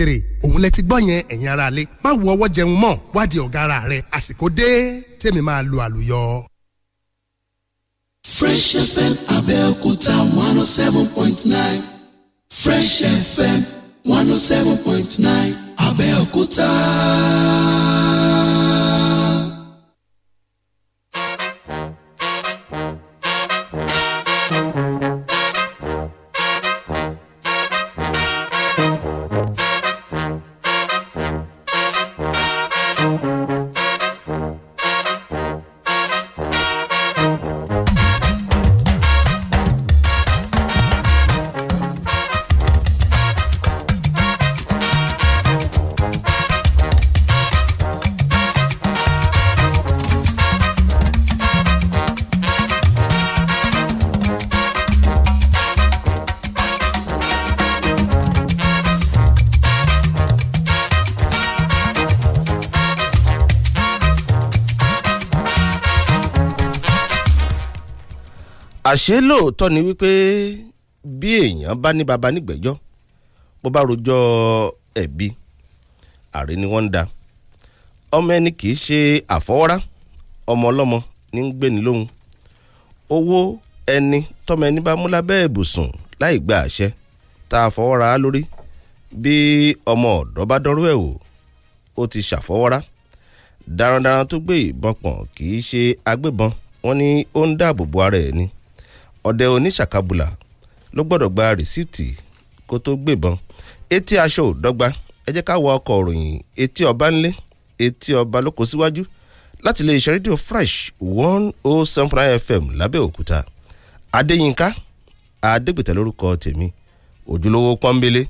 three òun lẹ ti gbọ́ yẹn ẹ̀yin ara lé má wo ọwọ́ jẹun mọ́ wádìí ọ̀gá ara rẹ àsìkò dé tèmi máa lo àlùyọ. Fresh FM Abẹ́òkúta one oh seven point nine Fresh FM one oh seven point nine Abẹ́òkúta. àṣé lóòótọ́ ni wípé bí èèyàn bá ní baba nígbẹ́jọ́ bó bá rojọ́ ẹ̀bi àrí ni wọ́n ń da ọmọ ẹni kì í ṣe àfọwọ́rá ọmọ ọlọ́mọ ní ń gbéni lóhun owó ẹni tọ́mọ ẹni bá mú lábẹ́ ìbùsùn láì gba àṣẹ tá a fọwọ́ra lórí bí ọmọ ọ̀dọ́ bá dánrú ẹ̀ wò ó ti ṣàfọwọ́rá darandaran tó gbé ìbọn pọ̀n kì í ṣe agbébọn wọ́n ní ó ń dáàbò bo ara ẹ̀ ni ọ̀dẹ oníṣàkábùlà ló gbọ́dọ̀ gba rìsíìtì kó tó gbébọn etí aṣọ ò dọ́gba ẹ jẹ́ ká wọ ọkọ̀ òròyìn etí ọba ńlé etí ọba lóko síwájú láti lè ṣe rédíò fresh one oh seven point nine fm lábẹ́òkúta adéyínká adégbètè lórúkọ tèmi ojúlówó pọ́nbélé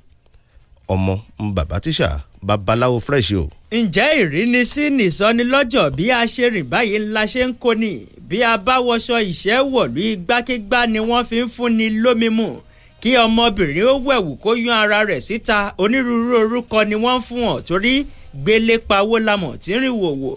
ọmọ bàbá tíṣà babaláwo fresh o. ǹjẹ́ ìrínisí nìsọ́ni lọ́jọ́ bí a ṣe rìn báyìí ńlá ṣe ń kó ni bí a bá wọṣọ ìṣẹ́wọ̀lú igbákígbá ni wọ́n fi ń fúnni lómi mu kí ọmọbìnrin ó wẹ̀wù kó yún ara rẹ̀ síta onírúurú orúkọ ni wọ́n ń fún ọ̀ torí gbélé pawó lamọ̀ tí ń rìn wòwò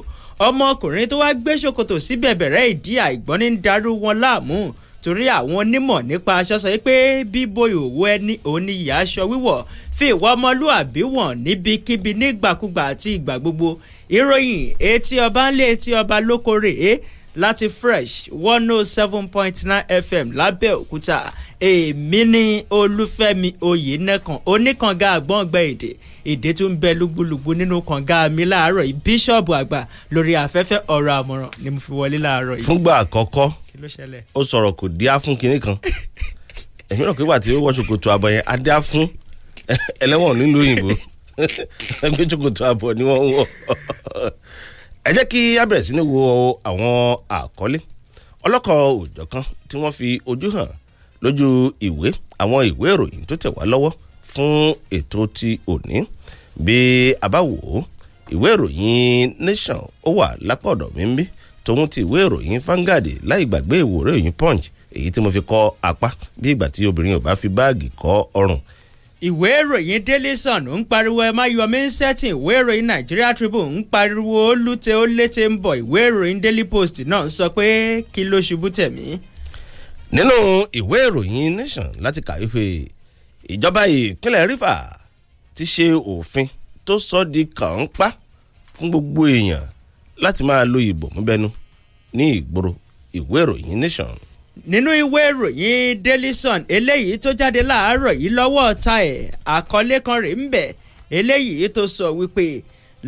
ọmọkùnrin tó wá gbé ṣòkòtò sí bẹ̀bẹ̀rẹ̀ ìdí àìgbọ́n ní ń darú wọn láàmú torí àwọn onímọ̀ nípa aṣọ sọ pé bíbo ìhòòhò ẹni òun ni ìyá aṣọ wíwọ̀ fi ìwà ọmọlúàbí wọ̀n níbikíbi nígbàkúgbà àti ìgbà gbogbo ìròyìn etí ọba ńlé etí ọba lóko rèé láti fresh one oh seven point nine fm lábẹ́òkúta èmi eh, ní olúfẹ́mi oyinẹ̀kan oníkànga àgbọ̀ngbẹ èdè èdè tó ń bẹ lúgbúlùgbú nínú kànga mi láàárọ̀ yìí bíṣọ̀bù àgbà lórí afẹ́fẹ́ ọ̀rọ̀ àmọ̀ràn ni mo fi wọlé láàárọ̀ yìí. fúngbà àkọ́kọ́ ó sọ̀rọ̀ kò díá fún kinní kan èmi rò pé wà tí ó wọ ṣòkòtò àbọ̀ yẹn á díá fún ẹlẹ́wọ̀n nílùú òyìnbó ẹgbẹ́ ṣòkòtò àbọ̀ ni wọ́n wọ̀ ẹ jẹ́ kí a bẹ̀rẹ̀ sí ní wo àwọn àkọlé ọlọ́kọ̀ òjọ̀ kan tí wọ́n fi ojú hàn lójú ìwé àwọn ìwé ìròyìn tó tẹ̀ wá lọ́wọ́ fún ètò ti òní bí a bá wò ó ìwé ìròyìn nation ó wà lápá ọ̀dọ̀ mi ń bí tòun ti ìwé ìròyìn Vanguard láì gbàgbé ìwòrán ìròyìn punch èyí tí mo fi kọ apá bí ìgbà tí obìnrin ò bá fi báàgì kọ ọrùn ìwé ìròyìn Daily Sun ń pariwo ẹ má yọ mí ń sẹ́tìn ìwé ìròyìn Nigeria Tribune ń pariwo ó ó létè ń bọ̀ ìwé ìròyìn Daily Post náà sọ pé kí ló ṣubú tẹ̀mí. nínú ìwé ìròyìn Nation láti kàwé pé ìjọba ìpínlẹ̀ Rivers ti ṣe òfin tó sọ di kànńpá fún gbogbo èèyàn láti máa lo ìbò múbẹ́nu ní ìgboro ìwé ìròyìn Nation nínú ìwé ìròyìn Daily Sun eléyìí tó jáde láàárọ̀ yìí lọ́wọ́ ọ̀ta ẹ̀ àkọlé kan rèé ń bẹ̀ eléyìí tó sọ wípé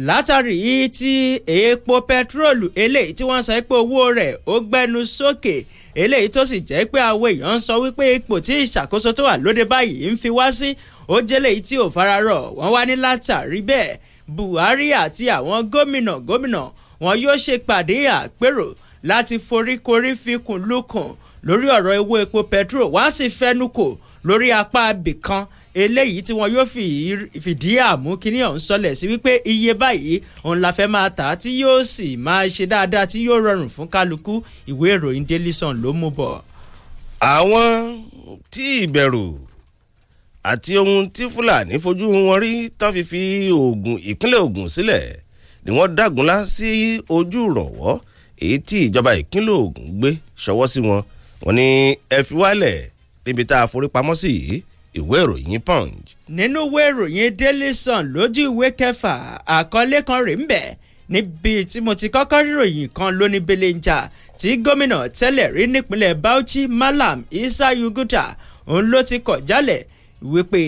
látàrí tí epo pẹtrólù eléyìí tí wọ́n sọ pé owó rẹ̀ ó gbẹ́nu sókè eléyìí tó sì jẹ́ pé àwọn èèyàn ń sọ wípé ipò tí ìṣàkóso tó wà lóde báyìí ń fi wá sí ó jẹ́lẹ̀ tí ò fararọ̀ wọ́n wá ní látàrí bẹ́ẹ̀ Buhari àti àwọn gómìnà gómìnà wọn yóò ṣèpàdé àpérò láti foríkorí fikùn lukùn lórí ọ̀rọ̀ owó epo petrol wọ́n á sì fẹ́nu kò lórí apá abìkan eléyìí tí wọn yóò fìdí àmú kíní ọ̀hún sọlẹ̀ sí wípé iye báyìí òun la fẹ́ máa tà tí yóò sì máa ṣe dáadáa tí yóò rọrùn fún kálukú ìwé ìròyìn daily sun ló mú bọ̀. àwọn tí ìbẹ̀rù àti ohun tí fúlàní fojú wọn rí tán fi fi oògùn ìpínlẹ̀ ogun sílẹ̀ ni wọ́n dágunlá sí ojú ìrọ̀wọ́ èyí tí ìjọba ìpínlẹ̀ ogun gbé ṣọwọ́ sí wọn. Si wọ́n ní ẹ fi wálẹ̀ níbi tá a forí pamọ́ sí yìí ìwé ìròyìn punch. nínú ìwé ìròyìn daily sun lójú ìwé kẹfà àkọlé kan rèé ń níbi tí mo ti kọ́kọ́ ríròyìn kan lóní belenja tí gómìnà tẹ́lẹ̀ rí nípínlẹ̀ bauchi malam isa yuguda òun ló ti kọ̀ jálẹ̀ wípé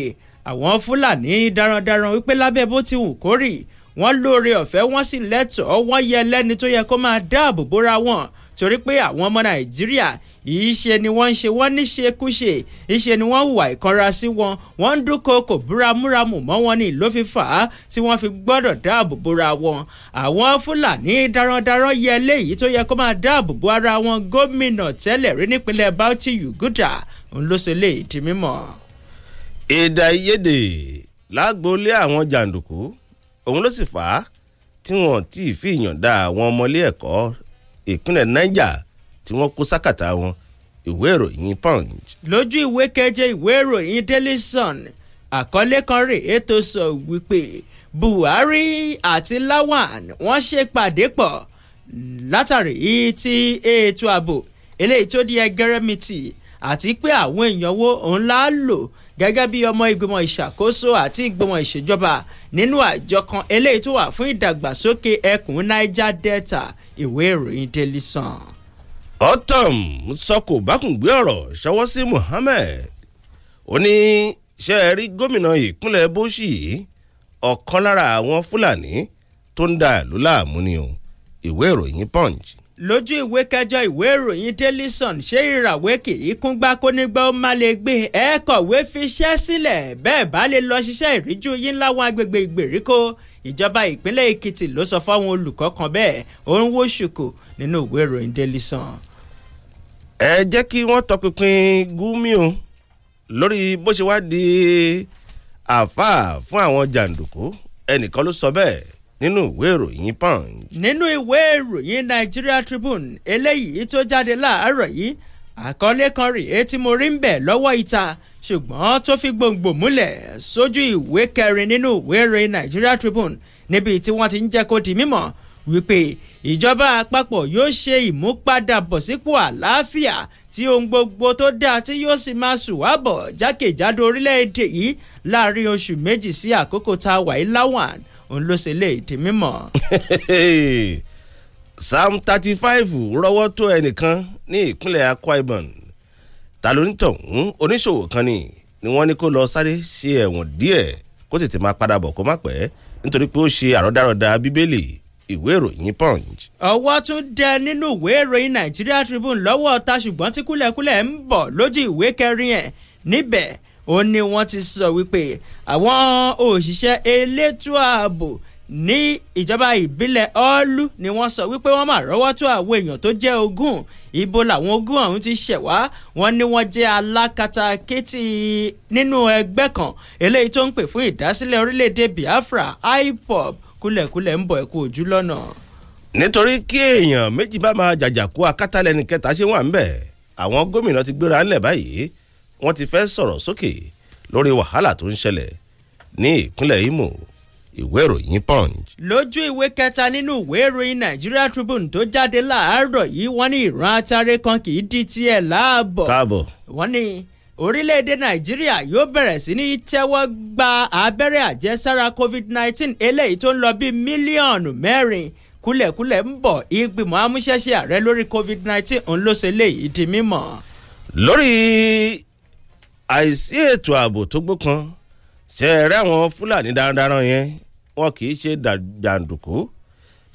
àwọn fúlàní darandaran wípé lábẹ́ bó ti wù kórì wọ́n lóore ọ̀fẹ́ wọ́n sì lẹ́tọ̀ọ́ wọ́n yẹ lẹ́ni tó yẹ kó máa dáàbò bóra wọn torí pé àwọn ọmọ nàìjíríà ìṣe ni wọ́n ń ṣe wọ́n níṣekúṣe ìṣe ni wọ́n hùwà ìkanra sí wọn wọ́n ń dúnkokò búramúramù mọ́ wọn ní ló fi fà á tí wọ́n fi gbọ́dọ̀ dáàbò bora wọn. àwọn fúlàní darandaran yẹ eléyìí tó yẹ kó máa dáàbò bo ara wọn gómìnà tẹ́lẹ̀ rí nípínlẹ̀ Bauchi Uguta ń ló ṣe lè di mímọ́. èdè àìyedè lágbólé àwọn jàǹdùkú òun ló sì fà á tí wọn ò tí ì fi ìyànda àwọn ọmọlé ẹ̀kọ́ ìpínlẹ̀ Niger tí wọ́n kó sákàtà wọn ìwé ìròyìn punch. lójú ìwé keje ìwé ìròyìn daily sun àkọlé kan rè é tó sọ wípé buhari àti lawan wọ́n ṣe pàdé pọ̀ látàrí ti ètò ààbò eléyìí tó di ẹgẹrẹmìtì àti pé àwọn èèyàn wo òun la lò gẹ́gẹ́ bí ọmọ ìgbìmọ̀ ìṣàkóso àti ìgbìmọ̀ ìṣèjọba nínú àjọ kan eléyìí tó wà fún ìdàgbàsókè ẹkùn niger delta ìwé ìròyìn daily sun Otom, sọkò bákùngbé ọ̀rọ̀ ṣọwọ́ sí Mohammed ó ní ṣe é rí gómìnà ìpínlẹ̀ bóṣì yìí ọ̀kan lára àwọn fúlàní tó ń da ìlú láàmú ni o ìwé ìròyìn punch lójú ìwé kẹjọ ìwé ìròyìn Daily Sun ṣé ìràwé kì í kún gbá kó nígbà ó má lè gbé ẹ kọ̀wé fiṣẹ́ sílẹ̀ bẹ́ẹ̀ bá lè lọ ṣiṣẹ́ ìríjú yín láwọn agbègbè ìgbèríko ìjọba ìpínlẹ̀ Èkìtì ló sọ fáwọn olùkọ́ kan bẹ́ẹ̀ ó ń wó ṣùkò nínú ìwé ìròyìn Daily Sun ẹ jẹ́ kí wọ́n tọpinpin Gumi o lórí bó ṣe wá di àáfàá fún àwọn jàǹdùkú ẹnìkan ló sọ bẹ́ẹ̀ nínú ìwé ìròyìn Punch. nínú ìwé ìròyìn Nigeria Tribune eléyìí tó jáde láàárọ̀ yìí àkọlé kan rèé tí mo rí ń bẹ̀ lọ́wọ́ ìta ṣùgbọ́n tó fi gbòǹgbò múlẹ̀ sójú ìwé kẹrin nínú ìwé ìròyìn Nigeria Tribune níbi tí wọ́n ti ń jẹ́ kó di mímọ̀ wípé ìjọba àpapọ̀ yóò ṣe ìmúpadàbọ̀sípò àlàáfíà tí ohun gbogbo tó dáa tí yóò sì máa ṣùwábọ̀ jákèjádò orílẹ̀-èdè yìí láàrin oṣù méjì sí àkókò tá a wà yìí láwọn òun ló ṣe lè di mímọ́. psalm thirty five rọwọ́ tó ẹnìkan ní ìpínlẹ̀ akwa ibom ta ló ń tọ̀hún oníṣòwò kan ni ni wọ́n ní kó lọ sáré ṣe ẹ̀wọ̀n díẹ̀ kó tètè máa padà bọ̀ kó má pẹ́ nítorí pé ó ṣe àrọ́dárọ́dá bíbélì ìwé ìròyìn punch. ọwọ́ tún dẹ nínú ìwé ìròyìn Nigeria Tribune lọ́wọ́ ta ṣùgbọ́n tí kúlẹ̀kúlẹ̀ ń bọ̀ lójú ìwé kẹrin ẹ̀ níbẹ̀ ó ní wọ́n ti sọ wípé àwọn òṣìṣẹ́ elétò ààbò ní ìjọba ìbílẹ̀ ọ́ọ́lù ni wọ́n sọ wípé wọ́n máa rọ́wọ́ tó àwọn èèyàn tó jẹ́ ogún ibo làwọn ogún ọ̀hún ti ṣẹ̀ wá wọ́n ní wọ́n jẹ́ alákatakítí nínú ẹgbẹ́ kan eléyìí tó ń pè fún ìdásílẹ̀ orílẹ̀-èdè Biafra IPOB kúlẹ̀kúlẹ̀ ń bọ̀ ẹ̀kú ojú lọ́nà. nítorí kí èèyàn méjì bá máa jàjàkú akátálẹ̀ ní kẹta ṣé wà ń bẹ̀ àwọn gómìnà ti gbéra ńlẹ̀ báyìí wọ́n ti fẹ́ sọ̀rọ̀ sókè lórí wàhálà tó ń ṣẹlẹ̀ ní ìpínlẹ̀ Imo ìwé ìròyìn punch. lójú ìwé kẹta nínú ìwé ìròyìn Nigeria Tribune tó jáde láàárọ̀ yìí wọ́n ní ìran atare kan kì í di tiẹ̀ láàbọ̀. káàbọ̀. wọ́n ní orílẹ̀-èdè nàìjíríà yóò bẹ̀rẹ̀ sí ní tẹ́wọ́ gba abẹ́rẹ́ àjẹsára covid-19 eléyìí tó ń lọ bíi mílíọ̀nù mẹ́rin kúlẹ̀kúlẹ̀ ń bọ̀ ìgbìmọ̀ amúṣẹ́ṣe ààrẹ lórí covid-19 ń ló ṣe léyìí di mímọ̀. lórí àìsí ètò ààbò tó gbókan ṣe é rẹ́ àwọn fúlàní darandaran yẹn wọn kì í ṣe jàǹdùkú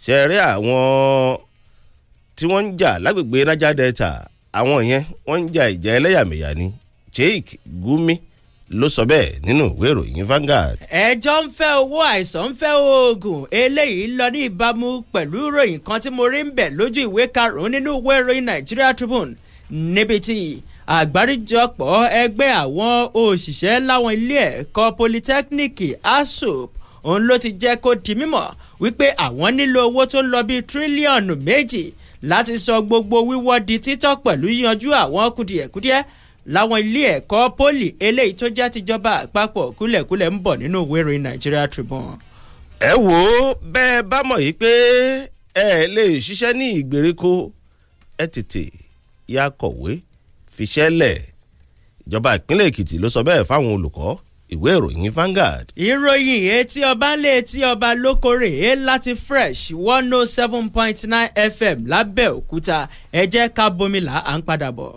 ṣe é rẹ́ àwọn tí wọ́n ń jà lágbègbè niger delta àwọn yẹn wọ́n ń jà ìjà ẹlẹ́yàmẹ̀yà ni Jake Gumi ló sọ bẹ́ẹ̀ nínú ìwé ìròyìn Vanguard. ẹjọ́ ń fẹ́ owó àìsàn ń fẹ́ oògùn eléyìí lọ ní ìbámu pẹ̀lú ìròyìn kan tí mo rí ń bẹ̀ lójú ìwé karùn-ún nínú ìwé ìròyìn Nigeria Tribune níbi tí àgbáríjọpọ̀ ẹgbẹ́ àwọn òṣìṣẹ́ láwọn ilé ẹ̀kọ́ polytechnic asop òun ló ti jẹ́ kó di mímọ̀ wípé àwọn nílò owó tó ń lọ bíi tírílíọ̀nù méjì láti sọ gbogbo wíwọ́ di títọ́ pẹ̀lú yíyanjú àwọn kùdìẹ̀kudiẹ láwọn ilé ẹ̀kọ́ poli eléyìí tó já tìjọba àpapọ̀ kúlẹ̀kúlẹ̀ ń bọ̀ nínú ìwé ìròyìn Nigeria Tribune. ẹ wo bẹ́ẹ̀ bá mọ̀ yìí pé ẹ lè ṣiṣẹ́ ní ìgbèríko ẹ tètè ya kọ̀wé fiṣẹ́ lẹ̀ ìjọba ìpínlẹ̀ Èkìtì ló sọ bẹ́ẹ̀ fáwọn olùkọ́ ìwé ìròyìn Vanguard. ìròyìn etí ọba lé etí ọba lókòrè é láti fresh one oh seven point nine FM lábẹ́òkúta ẹ jẹ́ ká bomila à ń padà bọ̀.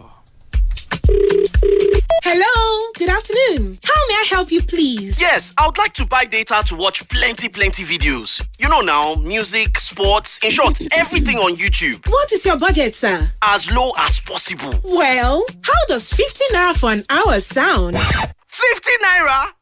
Hello, good afternoon. How may I help you, please? Yes, I would like to buy data to watch plenty, plenty videos. You know now, music, sports, in short, everything on YouTube. What is your budget, sir? As low as possible. Well, how does 50 naira for an hour sound? 50 naira?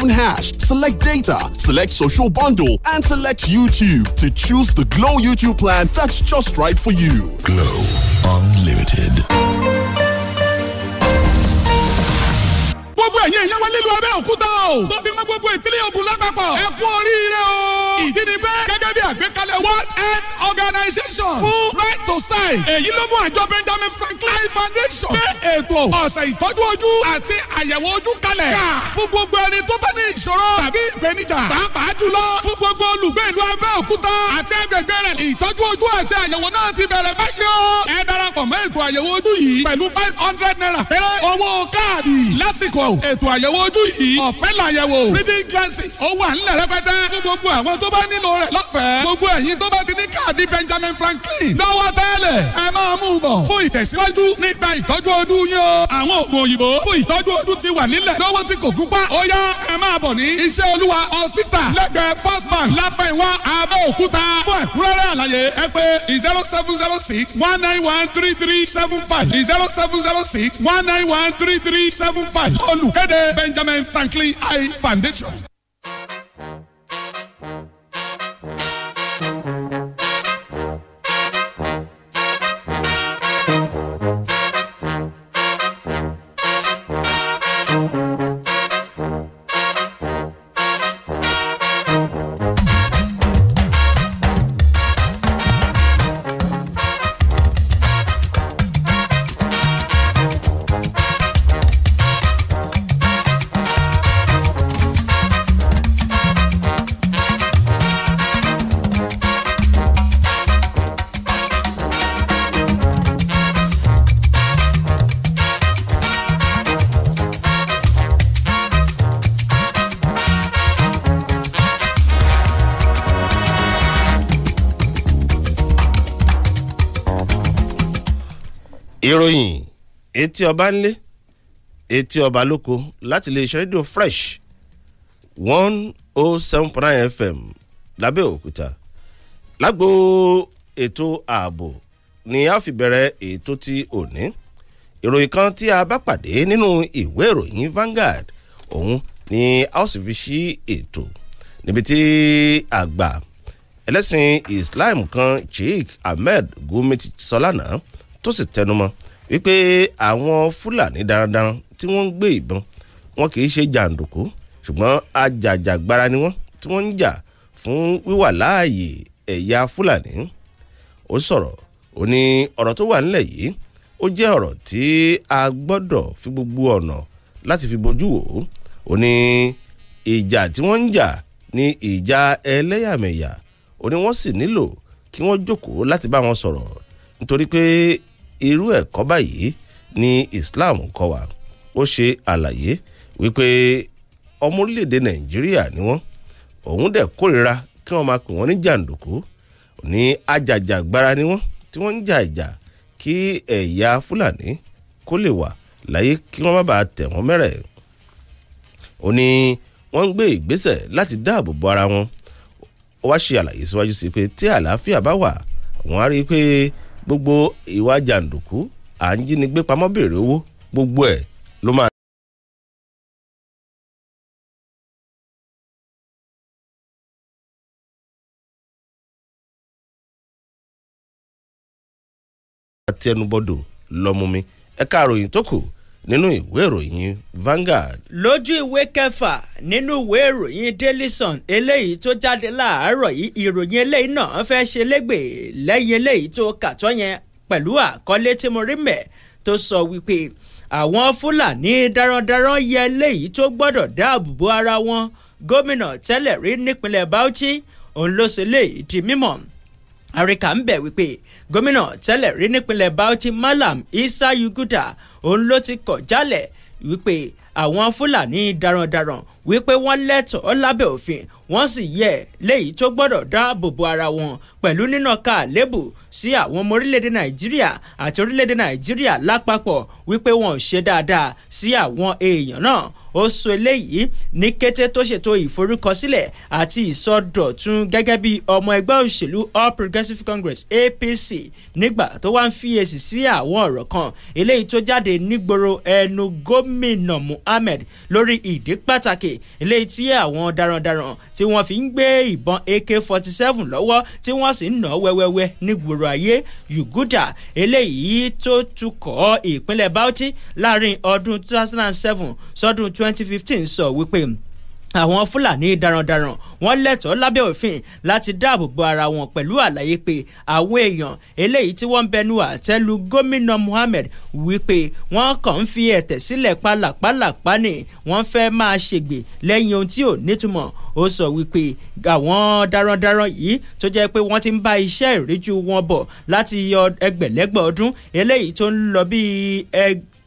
7 hash, select data, select social bundle, and select YouTube to choose the Glow YouTube plan that's just right for you. Glow Unlimited. gbogbo wá nílùú Abẹ́òkúta o tó fi mọ́ gbogbo ìpínlẹ̀ Ògùn lápapọ̀ ẹ kú orí organization fún right to sign. èyí ló mú àjọ Benjamin Franklin foundation gbé ètò ọ̀sẹ̀ ìtọ́jú ojú àti àyẹ̀wò ojú kalẹ̀ ká fún gbogbo ẹni tó bá ní ìṣòro tàbí ìpèníjà pàápàá jùlọ fún gbogbo olùgbé ìlú Abẹ́òkúta àti ẹgbẹ̀gbẹ̀ rẹ̀ ìtọ́jú ojú àti àyẹ̀wò náà ti bẹ̀rẹ̀ báyìí o. ẹn darapọ̀ mọ́ ètò àyẹ̀wò ojú yìí pẹ̀lú five hundred naira péré owó káàdì lásìkò ètò àyẹ̀wò ojú yìí ọ̀fẹ́ làyẹ̀wò reading glasses ó wà nílẹ̀ rẹpẹtẹ fún gbogbo àwọn tó bá nílò rẹ̀ lọ́fẹ̀ẹ́ gbogbo ẹ̀yin tó bá ti ní káàdì Benjamin Franklin lọ́wọ́ tẹ́lẹ̀ ẹ máa mú un bọ̀ fún ìtẹ̀síwájú nípa ìtọ́jú ojú yín o àwọn oògùn òyìnbó fún ìtọ́jú ojú ti wà nílẹ̀ lọ́wọ́ tí kò gúnpá ó yá ẹ máa bọ̀ ní iṣẹ́ olúwa hospital lẹ́gbẹ̀ẹ́ first bank láfẹ̀wá Abẹ́òkúta fún ẹ̀kúrẹ́rẹ́ àlàyé ẹ pé zero seven zero six one nine one three three three seven five zero seven zero six one nine one three three seven five olùkéde Benjamin Franklin I Foundation. ìròyìn etí ọba ńlé etí ọba lóko láti lè rédíò fresh one oh seven point nine fm lábẹ́òkúta lágbo ètò ààbò ni a fi bẹ̀rẹ̀ ètò ti òní ìròyìn kan tí a bá pàdé nínú ìwé ìròyìn Vanguard òun ni a ó sì fi ṣí ètò níbi tí àgbà ẹlẹ́sìn Islam kan Sheikh Ahmed Gumi ti sọ lánàá tó sì tẹnumọ́ wípé àwọn fúlàní darandaran tí wọ́n ń gbé ìbọn wọn kì í ṣe jàǹdùkú ṣùgbọ́n ajàjàgbara ni wọ́n tí wọ́n ń jà fún wíwà láàyè ẹ̀yà fúlàní ó sọ̀rọ̀ ó ní ọ̀rọ̀ tó wà nílẹ̀ yìí ó jẹ́ ọ̀rọ̀ tí a gbọ́dọ̀ fi gbogbo ọ̀nà láti fi bojú wò ó ó ní ìjà tí wọ́n ń jà ní ìjà ẹlẹ́yàmẹ̀yà ó ní wọ́n sì nílò kí wọ́n jókòó láti bá wọn sọ̀rọ̀ nítorí pé irú ẹ̀kọ́ báyìí ni Islam kọ́ wa ó ṣe àlàyé wípé ọmọ orílẹ̀-èdè Nàìjíríà ni wọ́n òun dẹ̀ kórìíra kí wọ́n máa pè wọ́n ní jàǹdùkú ní ajàjàgbara ni wọ́n tí wọ́n ń jà ìjà kí ẹ̀yà Fúlàní kó lè wà láyé kí wọ́n má bàa tẹ̀ wọ́n mẹ́rẹ̀ ó ní wọ́n ń gbé ìgbésẹ̀ láti dáàbò bo ara wọn ó wá ṣe àlàyé síwájú sí pé tí àlàáfíà bá wà wọ́n á rí i pé gbogbo ìwà jàǹdùkú à ń jínigbé pamọ́ béèrè owó gbogbo ẹ̀ ló máa. àti ẹnubodò lọ́mú mi ẹ̀ka àròyìn tó kù nínú ìwé ìròyìn Vanguard. lójú ìwé kẹfà nínú ìwé ìròyìn Daily Sun eléyìí tó jáde láàárọ̀ yìí ìròyìn eléyìí náà fẹ́ ṣe légbèé lẹ́yìn eléyìí tó kàtọ́ yẹn pẹ̀lú àkọlé tí mo rí mẹ́ tó sọ wípé àwọn Fúlàní darandaran yẹ eléyìí tó gbọ́dọ̀ dáàbò bo ara wọn gómìnà tẹ́lẹ̀ rí nípínlẹ̀ Bauchi òun ló ṣe lè di mímọ̀ àríkà ń bẹ̀ wípé gómìnà tẹ́lẹ̀ rí nípínlẹ̀ Bauchi Malam Isa Yuguda òun ló ti kọ̀ jálẹ̀ wípé àwọn Fúlàní darandaran wípé wọ́n lẹ́tọ̀ọ́ lábẹ́ òfin wọ́n sì yẹ léyìí tó gbọ́dọ̀ dáàbò bo ara wọn pẹ̀lú nínà ká lébù sí àwọn ọmọ orílẹ̀-èdè nàìjíríà àti orílẹ̀-èdè nàìjíríà lápapọ̀ wípé wọn ò ṣe dáadáa sí àwọn èèyàn náà ó sọ eléyìí ní kété tó ṣètò ìforúkọsílẹ̀ àti ìsọdọ̀tun gẹ́gẹ́ bí ọmọ ẹgbẹ́ òṣèlú All Progressives Congress APC nígbà tó wá ń fiyèsí sí àwọn ọ̀rọ̀ kan eléyìí tó jáde nígboro ẹnu gómìnà Muhammed lórí ìdí pàtàkì pàtàkì eléyìí tí àwọn darandaran tí wọ́n fi ń gbé ìbọn AK-47 lọ́wọ́ tí wọ́n sì ń nà wẹ́wẹ́wẹ́ nígboro ayé Yuguda eléyìí tó tukọ̀ ìpínlẹ̀ Bauchi láàrin ọdún 2007 sọdún 2015 sọ wípé. So àwọn fúlàní darandaran wọ́n lẹ́tọ̀ọ́ lábẹ́ òfin láti dáàbò bo ara wọn pẹ̀lú àlàyé pé àwọn èèyàn eléyìí tí wọ́n ń bẹnu àtẹ́lu gómìnà Mohammed wípé wọ́n kàn ń fi ẹ̀tẹ̀ sílẹ̀ pálapàlapà ni wọ́n fẹ́ máa ṣègbè lẹ́yìn ohun tí ò nítumọ̀ ó sọ wípé àwọn darandaran yìí tó jẹ́ pé wọ́n ti ń bá iṣẹ́ ìríjú wọn bọ̀ láti ẹgbẹ̀lẹ́gbẹ̀ ọdún eléyìí tó ń lọ bíi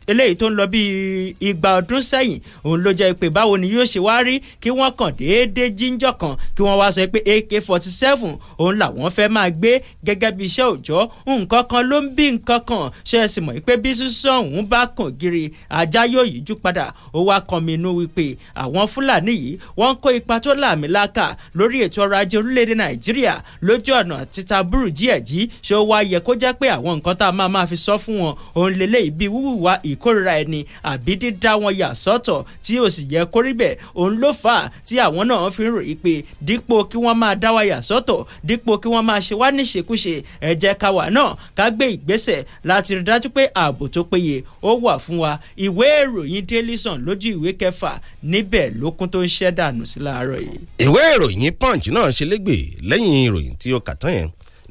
eléyìí tó ń lọ bíi igba ọdún sẹ́yìn òun ló jẹ́ pé báwo ni yóò ṣe wá rí kí wọ́n kàn déédéé jíjọ́ kan kí wọ́n wá sọ pé ak forty seven òun làwọn fẹ́ máa gbé gẹ́gẹ́ bí iṣẹ́ òòjọ́ nǹkan kan ló ń bí nǹkan kan ṣe é sì mọ̀ pé bí sísan òun bá kàn gírí ajá yóò yíjú padà ó wá kan mi inú wípé àwọn fúlàní yìí wọ́n ń kó ipa tó làmìlaka lórí ètò ọrọ̀ ajé orílẹ̀-èdè nàìjíríà lójú ọ̀nà títa burú díẹ̀ jí ṣé ó wá yẹ kó jẹ́ pé àwọn nǹkan tá a máa máa fi sọ fún wọn òun lélẹ́yìí bíi wíwùwà ì ìkórira ẹni àbí dídá wọn yà sọ́tọ̀ tí ó sì yẹ kó rí bẹ́ẹ̀ òun ló fà á tí àwọn náà fi ń ròyìn pé dípò kí wọ́n máa dá wa yà sọ́tọ̀ dípò kí wọ́n máa ṣe wá níṣekúṣe ẹ jẹ́ ká wà náà ká gbé ìgbésẹ̀ láti rí dájú pé ààbò tó péye ó wà fún wa ìwé ìròyìn Daily Sun lójú ìwé kẹfà níbẹ̀ lókun tó ń ṣẹ́ dànù sí láàárọ̀ yìí. ìwé ìròyìn Punch náà ṣe légbè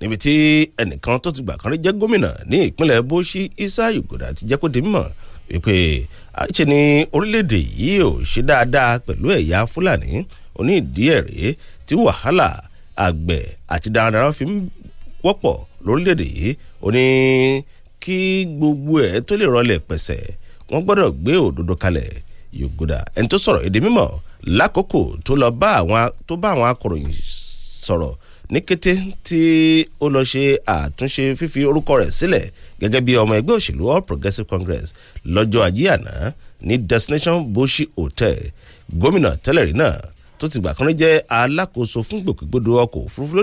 níbi tí ẹnìkan tó ti gbà kan rí jẹ́ gómìnà ní ìpínlẹ̀ Bauchi Isa Yuguda ti jẹ́ kó di mímọ̀ wípé àìṣe ni orílẹ̀-èdè yìí ò ṣe dáadáa pẹ̀lú ẹ̀yà Fúlàní onídìíẹ̀rẹ́ tí wàhálà àgbẹ̀ àti darandaran fi ń wọ́pọ̀ lórílẹ̀‐èdè yìí ó ní kí gbogbo ẹ̀ tó lè rọlẹ̀ pẹ̀sẹ̀ wọ́n gbọ́dọ̀ gbé òdodo kalẹ̀ Yuguda ẹni tó sọ̀rọ̀ èdè mímọ̀ lákòókò tó lọ bá àwọn akọ̀ròyìn sọ̀rọ̀ ní kété tí ó lọ ṣe àtúnṣe fífi orúkọ rẹ̀ sílẹ̀ gẹ́gẹ́ bí ọmọ ẹgbẹ́ òṣèlú All Progressives Congress lọ́jọ́ ajé àná ní Destination Boshi Hotel gómìnà tẹ́lẹ̀rí náà tó ti gbà kan rí jẹ́ alákòóso fún gbòkègbodò ọkọ̀ òfurufú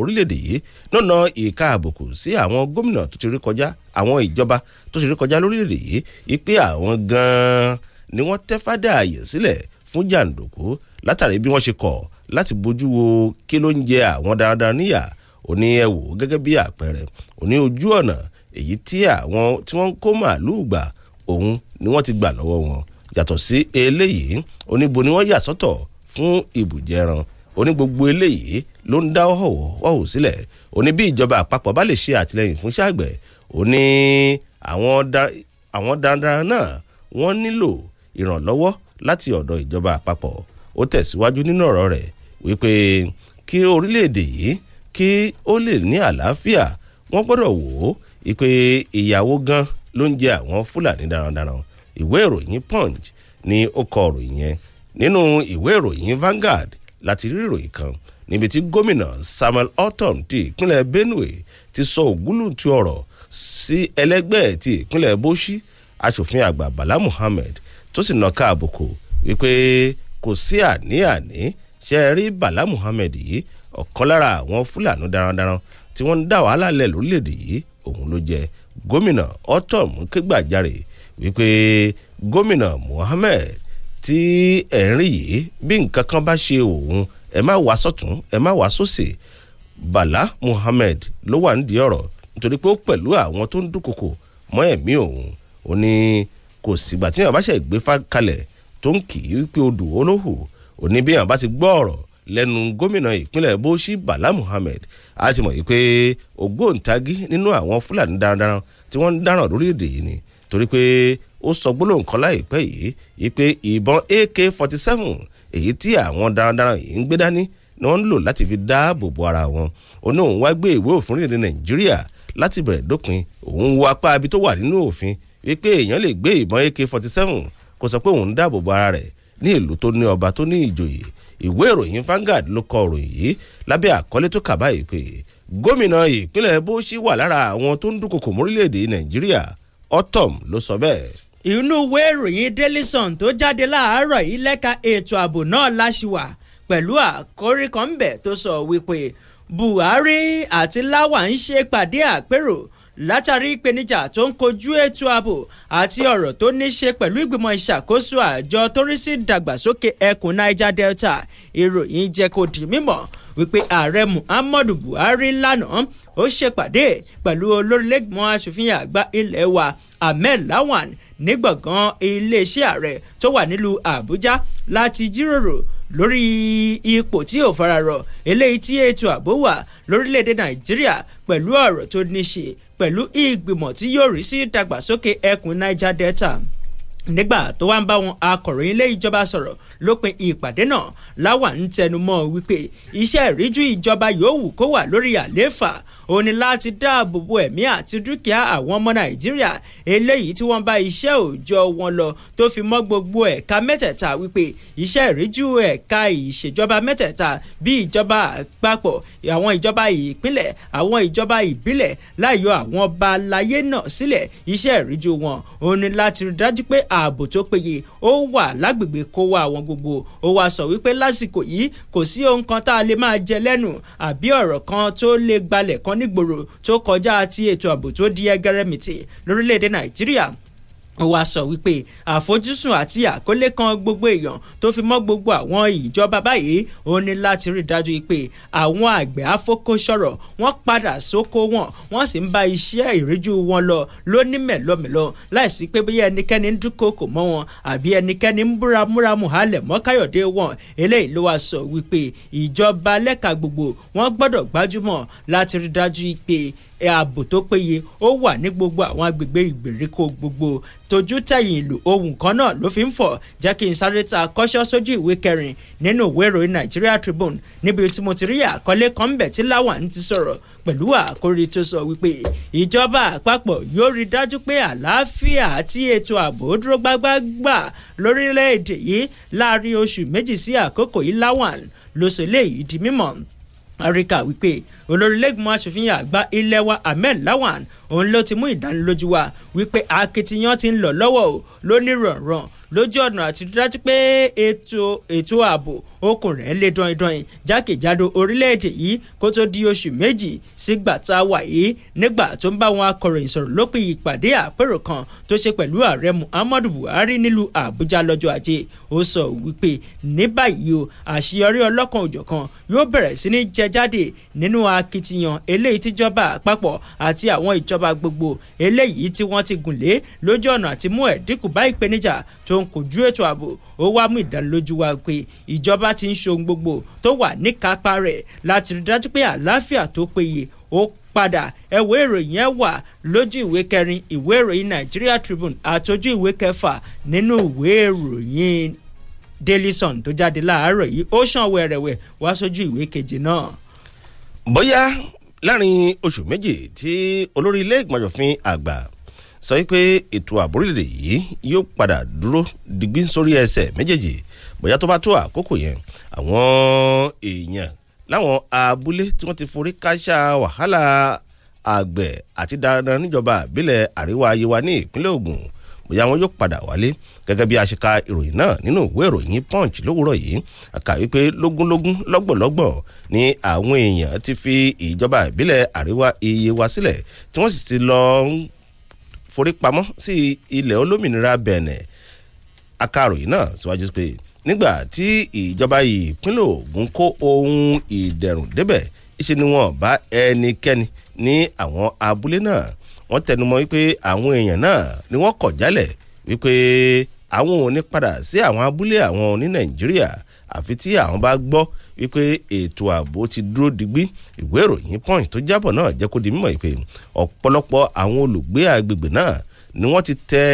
orílẹ̀-èdè yìí lọ́nà ìka àbùkù sí àwọn gómìnà tó ti rí kọjá àwọn ìjọba tó ti rí kọjá lórílẹ̀ yìí ipe àwọn gan ni wọ́n tẹ́ àyè sílẹ̀ fún jàǹdùkú látàrí bí wọ́n ṣe kọ̀ láti bójú wo kí ló ń jẹ àwọn darandaran níyà ó ní ẹ wò gẹ́gẹ́ bí àpẹẹrẹ ó ní ojú ọ̀nà èyí tí àwọn tí wọ́n ń kó màálùú gbà òun ni wọ́n ti gbà lọ́wọ́ wọn yàtọ̀ sí eléyìí ó ní bo ni wọ́n yà sọ́tọ̀ fún ibùjẹran ó ní gbogbo eléyìí ló ń dá ọ̀họ̀ ọ̀họ̀ sílẹ̀ ó ní bí ìjọba àpapọ̀ bá lè ṣe àtìlẹyìn fún ṣàgbẹ̀ ó àwọn darandaran náà wọ́n nílò ìrànlọ́wọ́ láti ọ̀dọ̀ ìjọba àpapọ̀ ó tẹ̀síwájú nínú ọ̀rọ̀ rẹ̀ wípé kí orílẹ̀-èdè yìí kí ó lè ní àlàáfíà wọ́n gbọ́dọ̀ wò ó wípé ìyàwó gan ló ń jẹ àwọn fúlàní darandaran ìwé ìròyìn punch ni ó kọ ìròyìn yẹn nínú ìwé ìròyìn Vanguard láti rí ìròyìn kan níbi tí gómìnà Samuel Ortom ti ìpínlẹ̀ Benue ti sọ ògúlùtù ọ̀rọ̀ sí ẹlẹ́gbẹ́ ti ìpínlẹ̀ Bauchi asòfin àgbà Bala Muhammed tó sì nàka àbùkù wípé kò sí àní-àní ṣe rí Bala Muhammed yìí ọ̀kan lára àwọn Fúlàní darandaran tí wọ́n ń dá wàhálà lẹ̀ lórílẹ̀‐èdè yìí òun ló jẹ́ gómìnà otom kẹgbàjarè wípé gómìnà Muhammed tí ẹ̀ ń rí yìí bí nǹkan kan bá ṣe òun ẹ má wá sọ́tún ẹ má wá sósì Bala Muhammed ló wà nídìí ọ̀rọ̀ nítorí pé ó pẹ̀lú àwọn tó ń dúnkokò mọ́ ẹ̀mí òun ó ní kò sígbà tí yàrá bá ṣe gbé fa kalẹ̀ tó ń kì í pé odò olóhùn òní bí àwọn bá ti gbọ́ ọ̀rọ̀ lẹ́nu gómìnà ìpínlẹ̀ bóṣí bala muhammed a ti mọ̀ yìí pé ògbóǹtagí nínú àwọn fúlàní darandaran tí wọ́n ń dáràn lórílẹ̀‐èdè yìí ni torí pé ó sọ gbólóhùn láìpẹ́ yìí yìí pé ìbọn ak forty seven èyí tí àwọn darandaran yìí ń gbé dání ni wọ́n ń lò láti fi dáàbò bo ara wọn oní òun wá gbé ìwé òfin rìnrìn nàìjíríà láti bẹ̀rẹ̀ dópin òun wo apá abi tó wà nínú òfin wípé èèyàn lè gbé ìbọn ak forty seven kó sọ pé òun dáàbò bo ara rẹ̀ ní ìlú tó ní ọba tó ní ìjòyè ìwé ìròyìn Vanguard ló kọ ìròyìn yìí lábẹ́ àkọlé tó kà báyìí pé gómìnà ìpínlẹ̀ bóṣí wà lára àwọn tó ń dúnkokò mórílẹ̀‐èdè Nàìjíríà Otom ló sọ bẹ́ẹ̀. inú ìwé ìròyìn Daily tó jáde láàárọ̀ yìí lẹ́ka ètò ààbò náà láṣìwà pẹ̀lú àkórí kan bẹ̀ tó sọ wípé Buhari àti Lawan ń ṣe pàdé àpérò látàrí ìpèníjà tó ń kojú ètò ààbò àti ọ̀rọ̀ tó ní ṣe pẹ̀lú ìgbìmọ̀ ìṣàkóso àjọ tó rí sí ìdàgbàsókè ẹkùn Niger Delta ìròyìn jẹ́ kó di mímọ̀ wípé ààrẹ Muhammadu Buhari lánàá ó ṣèpàdé pẹ̀lú olórílẹ̀gbọ̀n aṣòfin àgbà ilé wa Ahmed Lawan ní gbọ̀ngàn iléeṣẹ́ ààrẹ tó wà nílùú Àbújá láti jíròrò lórí ipò tí ò fararọ̀ eléyìí tí ètò ààbò wà lórílẹ̀‐èdè Nàìjíríà pẹ̀lú ọ̀rọ̀ tó ní ṣe pẹ̀lú ìgbìmọ̀ tí yóò rí sí ìdàgbàsókè ẹkùn Niger Delta nígbà tó wá ń bá wọn akọ̀ròyìn ilé ìjọba sọ̀rọ̀ lópin ìpàdé náà láwà ń tẹnumọ́ wípé iṣẹ́ ìríjú ìjọba yòówù kó wà lórí àlééfà ó ní láti dáàbò bo ẹ̀mí àti dúkìá àwọn ọmọ nàìjíríà eléyìí tí wọ́n bá iṣẹ́ òòjọ́ wọn lọ tó fi mọ́ gbogbo ẹ̀ka mẹ́tẹ̀ẹ̀ta wípé iṣẹ́ ìríjú ẹ̀ka ìṣèjọba mẹ́tẹ̀ẹ̀ta bíi ìjọba àpapọ̀ àwọn ìjọba ìpínlẹ̀ àwọn ìjọba ìbílẹ̀ láyọ àwọn ọba aláyé náà sílẹ̀ iṣẹ́ ìríjú wọn ó ní láti rí dájú pé ààbò tó péye ó wà lágbègbè kó wá àwọn gbogbo ó wàá sọ wípé lásìkò yìí kò sí ohun kan tá a lè máa jẹ lẹ́nu àbí ọ̀rọ̀ kan tó lè gbalẹ̀ kan nígboro tó kọjá ti ètò ààbò tó di ẹgẹrẹmìtì lórílẹ̀ nàìjíríà wá sọ wípé àfojúsùn àti àkọlé kan gbogbo èèyàn tó fi mọ́ gbogbo àwọn ìjọba báyìí ó ní láti rí dájú pé àwọn àgbẹ̀ afókóṣọ̀rọ̀ wọ́n padà sóko wọn wọ́n sì ń bá iṣẹ́ ìríjú wọn lọ lóní mẹ̀lọmẹ̀lọ láìsí pé bóyá ẹnikẹ́ni ń dúnkòkò mọ́ wọn àbí ẹnikẹ́ni ń búra múra muhalẹ̀ mọ́ káyọ̀dé wọn eléyìí ló wá sọ wípé ìjọba lẹ́ka gbogbo wọ́n gbọ́dọ̀ gbájúmọ̀ láti rí dájú pé ààbò tó péye ó wà ní gbogbo àwọn agbègbè ìgbèríko gbogbo tójú tẹ̀yìn ìlú ohun kan náà ló fi ń fọ̀ jẹ́ kí n sáré ta kọ́ṣọ́ sójú ìwé kẹrin nínú ìwé ìròyìn Nigeria Tribune níbi tí mo ti rí àkọlé kan bẹ̀ tí Lawan ti sọ̀rọ̀ pẹ̀lú àkórí tó sọ wípé ìjọba àpapọ̀ yóò rí dájú pé àlàáfíà àti ètò ààbò dúró gbágbágbà lórílẹ̀‐èdè yìí láàrin oṣù méjì sí àkókò yìí Lawan ló sọ di mímọ̀ áríkà wípé olórí lẹ́gbọ̀n aṣòfin àgbà ilé wa ahmed lawan òun ló ti mú ìdánilójú wa wípé akitiyan ti ń lọ lọ́wọ́ o lónírànràn lójú ọ̀nà àti dájú pé ètò ètò ààbò okùn rẹ̀ lé dọ̀yìndọ̀yìn jákèjádò orílẹ̀-èdè yìí kó tó di oṣù méjì sígbà tá a wà yìí nígbà tó ń bá wọn akọ̀ròyìn sọ̀rọ̀ lópin ìpàdé àpérò kan tó ṣe pẹ̀lú ààrẹ Muhammadu Buhari nílùú Àbújá lọ́jọ́ ajé ó sọ wípé ní báyìí o àṣeyọrí ọlọ́kan òjọ̀kan yóò bẹ̀rẹ̀ sí ní jẹ jáde nínú akitiyan eléyìí tíjọba àpapọ̀ àti àwọn ìjọba gbogbo eléyìí tí wọ́n ti gùnlé lójú ọ̀nà àti mú ẹ̀dínkù bá ìpèníjà tó ń kojú ètò ààbò ó wá mú ìdánilójú wa pé ìjọba ti ń ṣohun gbogbo tó wà níkápá rẹ̀ láti rí dájú pé àlàáfíà tó péye ó padà ẹ̀wé ìròyìn ẹ̀ wà lójú ìwé kẹrin ìwé ìròyìn Nigeria Tribune àtọ́jú ìwé kẹfà nínú ìwé ìròyìn Daily Sun tó jáde láàárọ̀ yìí ó ṣàn wẹ̀rẹ̀wẹ̀ wá sójú ìwé keje náà. bóyá láàrin oṣù méjì tí olórí ilé ìgbìmọ̀ àgbà sọ pé ètò àbórílẹ̀ yìí yóò padà dúró digbí sórí ẹsẹ̀ méjèèjì bóyá tó bá tó àkókò yẹn àwọn èèyàn láwọn abúlé tí wọ́n ti forí káṣá wàhálà àgbẹ̀ àti darandaran níjọba àbílẹ̀ àríwá yewa ní ìpínlẹ̀ Ògùn bóyá wọn yóò padà wálé gẹ́gẹ́ bí a ṣe ka ìròyìn náà nínú ìwé ìròyìn punch lówùúrọ̀ yìí àkà wípé lógúnlógún lọ́gbọ̀lọ́gbọ̀ ni àwọn èèyàn ti fi ìjọba ìbílẹ̀ àríwá iye wa sílẹ̀ tí wọ́n sì ti lọ ń forí pamọ́ sí ilẹ̀ olómìnira bẹ̀nẹ̀ akàròyìn náà síwájú pé nígbà tí ìjọba ìpínlẹ̀ Ògùn kó ohun ìdẹ̀rùn débẹ̀ ìṣe ni wọn bá ẹnikẹ́ni ní àwọn abúlé náà wọ́n tẹnumọ́ wípé àwọn èèyàn náà ni wọ́n kọ̀ jálẹ̀ wípé àwọn ò ní padà sí àwọn abúlé àwọn ní Nàìjíríà àfi tí àwọn bá gbọ́ wípé ètò ààbò ti dúró digbí ìwé ìròyìn Punch tó jábọ̀ náà jẹ́ kó di mímọ̀ wípé ọ̀pọ̀lọpọ̀ àwọn olùgbé àgbègbè náà ni wọ́n ti tẹ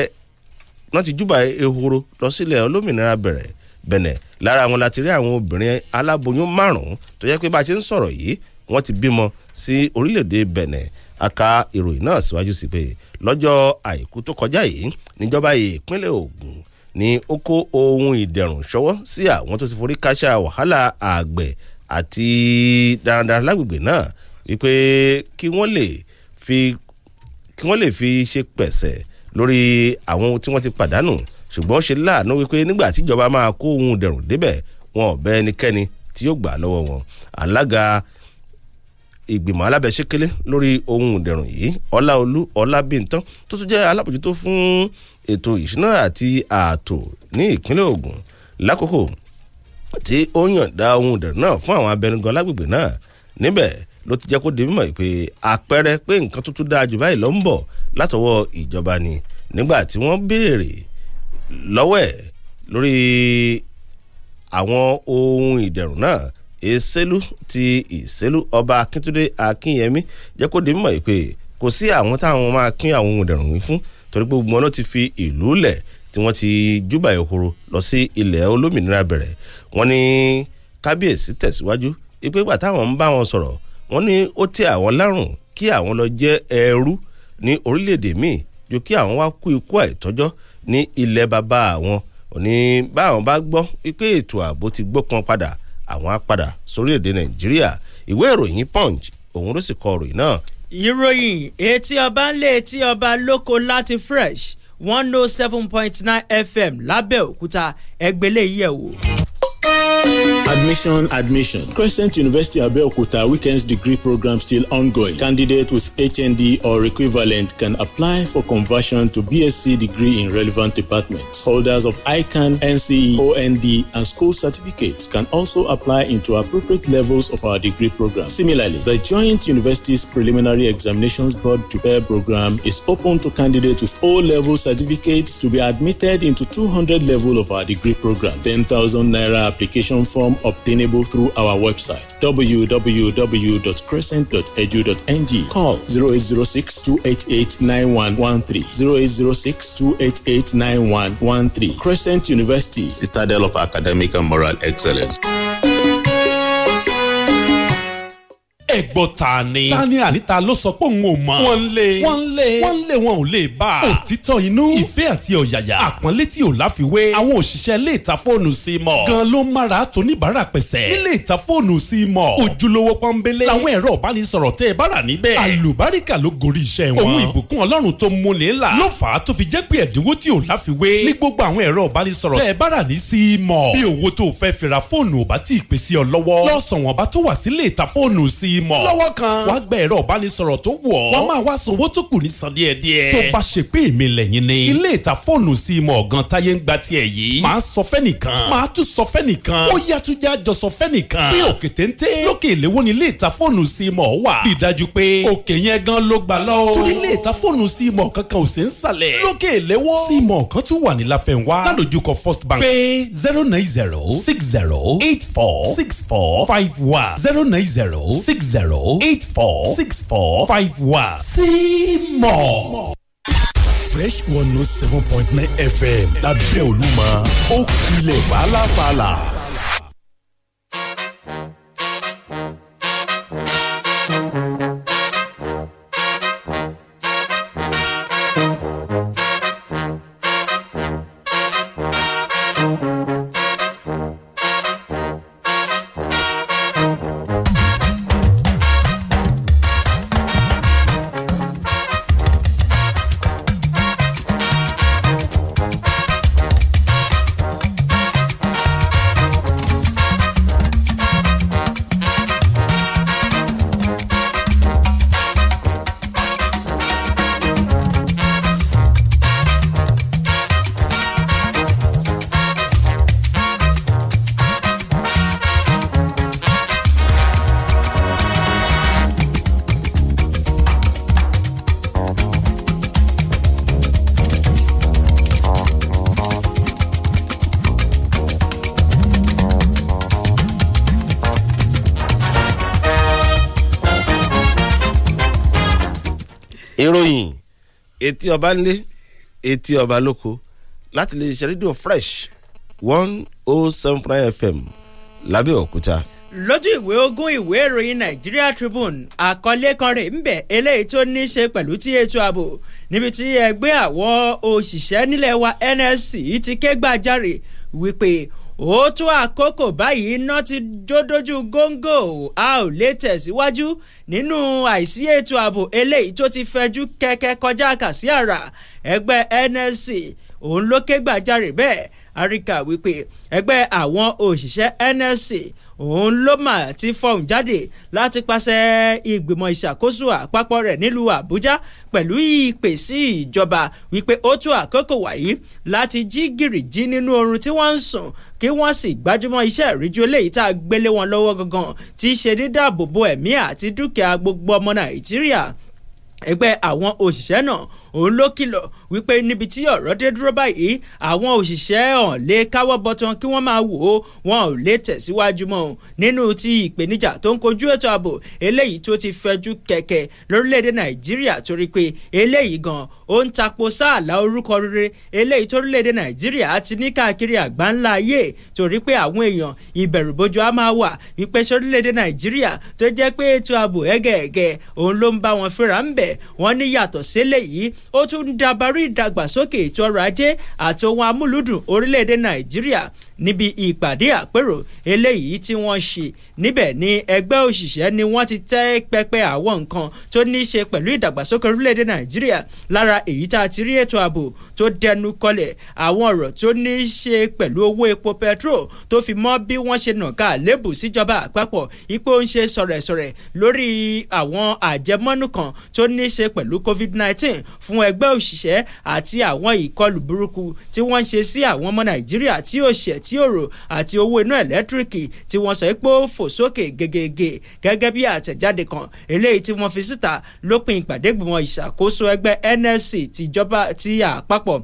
wọ́n ti júbà ehoro lọ sílẹ̀ olómìnira bẹ̀rẹ̀ Benin lára wọn láti rí àwọn obìnrin aláboyún márùn-ún tó jẹ́ pé bá a ṣe ń sọ̀rọ̀ yìí wọ́n ti bímọ sí orílẹ̀-èdè Benin aka ìròyìn náà síwájú sí pé lọ́jọ́ àìkú tó kọjá yìí níjọba ìpínlẹ̀ Ògùn ni ó kó ohun ìdẹ̀rùn ṣọwọ́ sí àwọn tó ti forí káṣá wàhálà àgbẹ̀ àti darandaran lágbègbè náà wípé kí wọ́n lè fi kí wọ́n lè fi ṣe pẹ̀sẹ̀ lórí àwọn tí wọ́n ti pàdánù ṣùgbọ́n ṣe láàánú wípé nígbà tíjọba máa kó ohun dẹ̀rùn débẹ̀ wọn ò bẹ ẹnikẹ́ni tí yóò gbà lọ́wọ́ wọn alága ìgbìmọ̀ alábẹ́sẹ́kẹ́lé lórí ohun ìdẹ̀rùn yìí ọláolú ọlábìntán tó tún jẹ́ alábòjútó fún ètò ìṣúná àti ààtò ní ìpínlẹ̀ Ògùn lákòókò tí ó yànda ohun ìdẹ̀rùn náà fún àwọn abẹnugan lágbègbè náà níbẹ̀ ló ti jẹ́ kó di mímọ̀ pé àpẹẹrẹ pé nǹkan tuntun dáa jù báyìí ló látọwọ́ ìjọba ni nígbà tí wọ́n béèrè lọ́wọ́ ẹ̀ lórí àwọn ohun ìdẹ̀rùn náà ìṣèlú ti ìṣèlú ọba akíntúndé akínyẹmí jẹ́ kó di mímọ̀ pé kò sí àwọn táwọn máa pín àwọn ohun ìdẹ̀rùn yìí fún torí pé gbogbo wọn ti fi ìlú lẹ̀ tí wọ́n ti júbà ìhòòrò lọ sí ilẹ̀ olómìnira bẹ̀rẹ̀ wọ́n ní kábíyèsí tẹ̀síwájú ìpè ìgbà táwọn ń bá wọn sọ̀rọ̀ wọ́n ní ó tẹ́ àwọn lárùn kí àwọn lọ jẹ́ ẹrú ní orílẹ̀-èdè míì ju kí àwọn wá kú ikú àìtọ́jọ́ ní ilẹ̀ bàbá àwọn òní báwọn bá gbọ́ wípé ètò ààbò ti gbópọn padà àwọn á padà sórílẹ̀-èdè nàìjíríà ìwé ìròyìn punch òun ló sì kọ ìròyìn náà. ìròyìn etí ọba ń lé etí ọba lóko láti fresh one oh seven point nine fm lábẹ́òkúta ẹgbẹ́lẹ́ yẹ̀ wò. Admission, admission. Crescent University Abeokuta Weekends Degree Program still ongoing. Candidate with HND or equivalent can apply for conversion to BSc degree in relevant departments. Holders of ICANN, NCE, OND, and school certificates can also apply into appropriate levels of our degree program. Similarly, the Joint University's Preliminary Examinations Board Prepare Program is open to candidates with O-level certificates to be admitted into 200 level of our degree program. 10,000 Naira application application form obtainable through our website www.crescent.edu.ng. Call 0806 288 9113. 0806 288 9113. Crescent University, citadel of academic and moral excellence. ẹ̀gbọ́n ta ni. ta ni àníta ló sọ pé òun ò mọ̀. wọ́n ń lé wọ́n ń lé wọ́n ń lé wọn ò lè bá a. òtítọ́ inú. ìfẹ́ àti ọ̀yàyà. àpọ́nlé tí ò láfiwé. àwọn òṣìṣẹ́ ilé ìta fóònù sí mọ̀. gan ló mára tóníbàárà pẹ̀sẹ̀. nílé ìta fóònù sí mọ̀. ojúlówó pọ́nbélé. làwọn ẹ̀rọ ìbánisọ̀rọ̀ tẹ́ ẹ bára níbẹ̀. àlùbáríkà ló gorí iṣẹ́ wọn. òun ìbùkún ọlọ́run tó múni fi jẹ́ pé ẹ̀dínwó tí ò láfiwé. ní gbogbo àwọn ẹ̀rọ ìbánisọ̀rọ̀ tẹ́ ẹ bára ní sí mọ̀. bí owó tó fẹ́ fira fóònù ò bá tí ì ìmọ̀ lọ́wọ́ kan wàá gba ẹ̀rọ ìbánisọ̀rọ̀ tó wọ̀ ọ́ wàá máa wá sanwó tó kù ní san díẹ̀díẹ̀ tó bá ṣe pé èmi lẹ́yìn ni ilé ìta fóònù sí ìmọ̀ ọ̀gán táyé ń gba tiẹ̀ yìí máa sọ fẹ́nìkan máa tún sọ fẹ́nìkan ó yá tún já jọ sọ fẹ́nìkan pé òkè téńté lókè ìléwó ni ilé ìta fóònù sí ìmọ̀ wà bí dájú pé òkè yẹn gan ló gbà lọ torí ilé ìta fóònù sí ìmọ̀ kankan ò sí ń sàlẹ̀ lókè ìléwó sí first bank pé zero nine zero six zero eight four six four five one zero nine zero six zero eight four six four five one. see more. fresh one note oh seven point nine fm lábẹ́ Olúmọ ó kilẹ̀ fàlàfàlà. ìròyìn etí ọba ńlé etí ọba lóko láti lè ṣe rédíò fresh one oh seven point fm lábẹ́òkúta lójú ìwé ogún ìwé ìròyìn Nigeria Tribune àkọlé kan rè ń bẹ eléyìí tó ní í ṣe pẹ̀lú tí ètò ààbò níbi tí ẹgbẹ́ àwọn òṣìṣẹ́ nílẹ̀ wa NSC ti ké gbàjarè wípé ó tó àkókò báyìí iná ti jó dójú góńgó a ò lè tẹ̀síwájú nínú àìsí ètò ààbò eléyìí tó ti fẹjú kẹ̀kẹ́ kọjá kàsí àrà ẹgbẹ́ NSC òun ló ké gbàjarè bẹ́ẹ̀ àríkà wípé ẹgbẹ́ àwọn òṣìṣẹ́ NSC òun ló mà ti fọhùn jáde láti pàṣẹ ìgbìmọ̀ ìṣàkóso àpapọ̀ rẹ̀ nílùú àbújá pẹ̀lú ìpè sí ìjọba wípé ó tó àkókò wàyí láti jí gìrì jí nínú oorun tí wọ́n ń sùn kí wọ́n sì gbájúmọ́ iṣẹ́ ìríjú eléyìí tá a gbélé wọn lọ́wọ́ gangan tí í ṣe dídáàbòbò ẹ̀mí àti dúkìá gbogbo ọmọ nàìjíríà ẹgbẹ́ àwọn òṣìṣẹ́ náà òun ló kìlọ̀ wípé níbi tí ọ̀rọ̀ dé dúró báyìí àwọn òṣìṣẹ́ ọ̀hún lè káwọ́ bọ́tán kí wọ́n máa wò ó wọn ò lè tẹ̀síwájú mọ́ nínú ti ìpèníjà tó ń kojú ètò ààbò eléyìí tó ti fẹjú kẹ̀kẹ́ lórílẹ̀‐èdè nàìjíríà torí pé eléyìí gan ó ń tapo sáàlà orúkọ rere eléyìí tórílẹ̀‐èdè nàìjíríà ti ní káàkiri àgbáńlá ayé torí pé àwọn èèyàn ìbẹ̀rùbojo á máa wà wípé sórílẹ̀‐èdè nàìjíríà tó jẹ́ pé ètò ààbò ẹ̀gẹ̀ẹ̀gẹ̀ òun ló ń bá wọn fínra ń bẹ̀ wọ́n ní yàtọ̀ sílẹ̀ yìí ó tún ń dabarí ìdàgbàsókè ètò ọrọ̀ ajé àti amúlùdùn orílẹ̀-èdè nàìjíríà níbi ìpàdé àpérò eléyìí tí wọ́n ṣe níbẹ̀ ni ẹgbẹ́ òṣìṣẹ́ ni wọ́n ti tẹ́ pẹpẹ àwọn nǹkan tó ní í ṣe pẹ̀lú ìdàgbàsókè orílẹ̀-èdè nàìjíríà lára èyí tá a ti rí ètò ààbò tó dẹnu kọlẹ̀ àwọn ọ̀rọ̀ tó ní í ṣe pẹ̀lú owó epo petro tó fi mọ́ bí wọ́n ṣe nà ká lébù síjọba àpapọ̀ ipò ń ṣe sọ̀rẹ̀sọ̀rẹ̀ lórí àwọn àjẹmọ́nú kan tó ní í ṣe pẹ̀lú covid-19 fún ẹgbẹ́ òṣìṣẹ́ àti àwọn ìkọlù burúkú tí wọ́n ń ṣe sí àwọn ọmọ nàìjíríà tí ó ṣẹ̀ sí òrò àti owó iná ẹ̀lẹ́tíríkì tí wọ́n sọ pé ó fò sókè gegege gẹ́gẹ́ bí àtẹ̀jáde kan eléyìí tí wọ́n fi síta lópin ìpàdé ìgbìmọ̀ ìṣàkóso ẹgbẹ́ NSC tìjọba ti àpapọ̀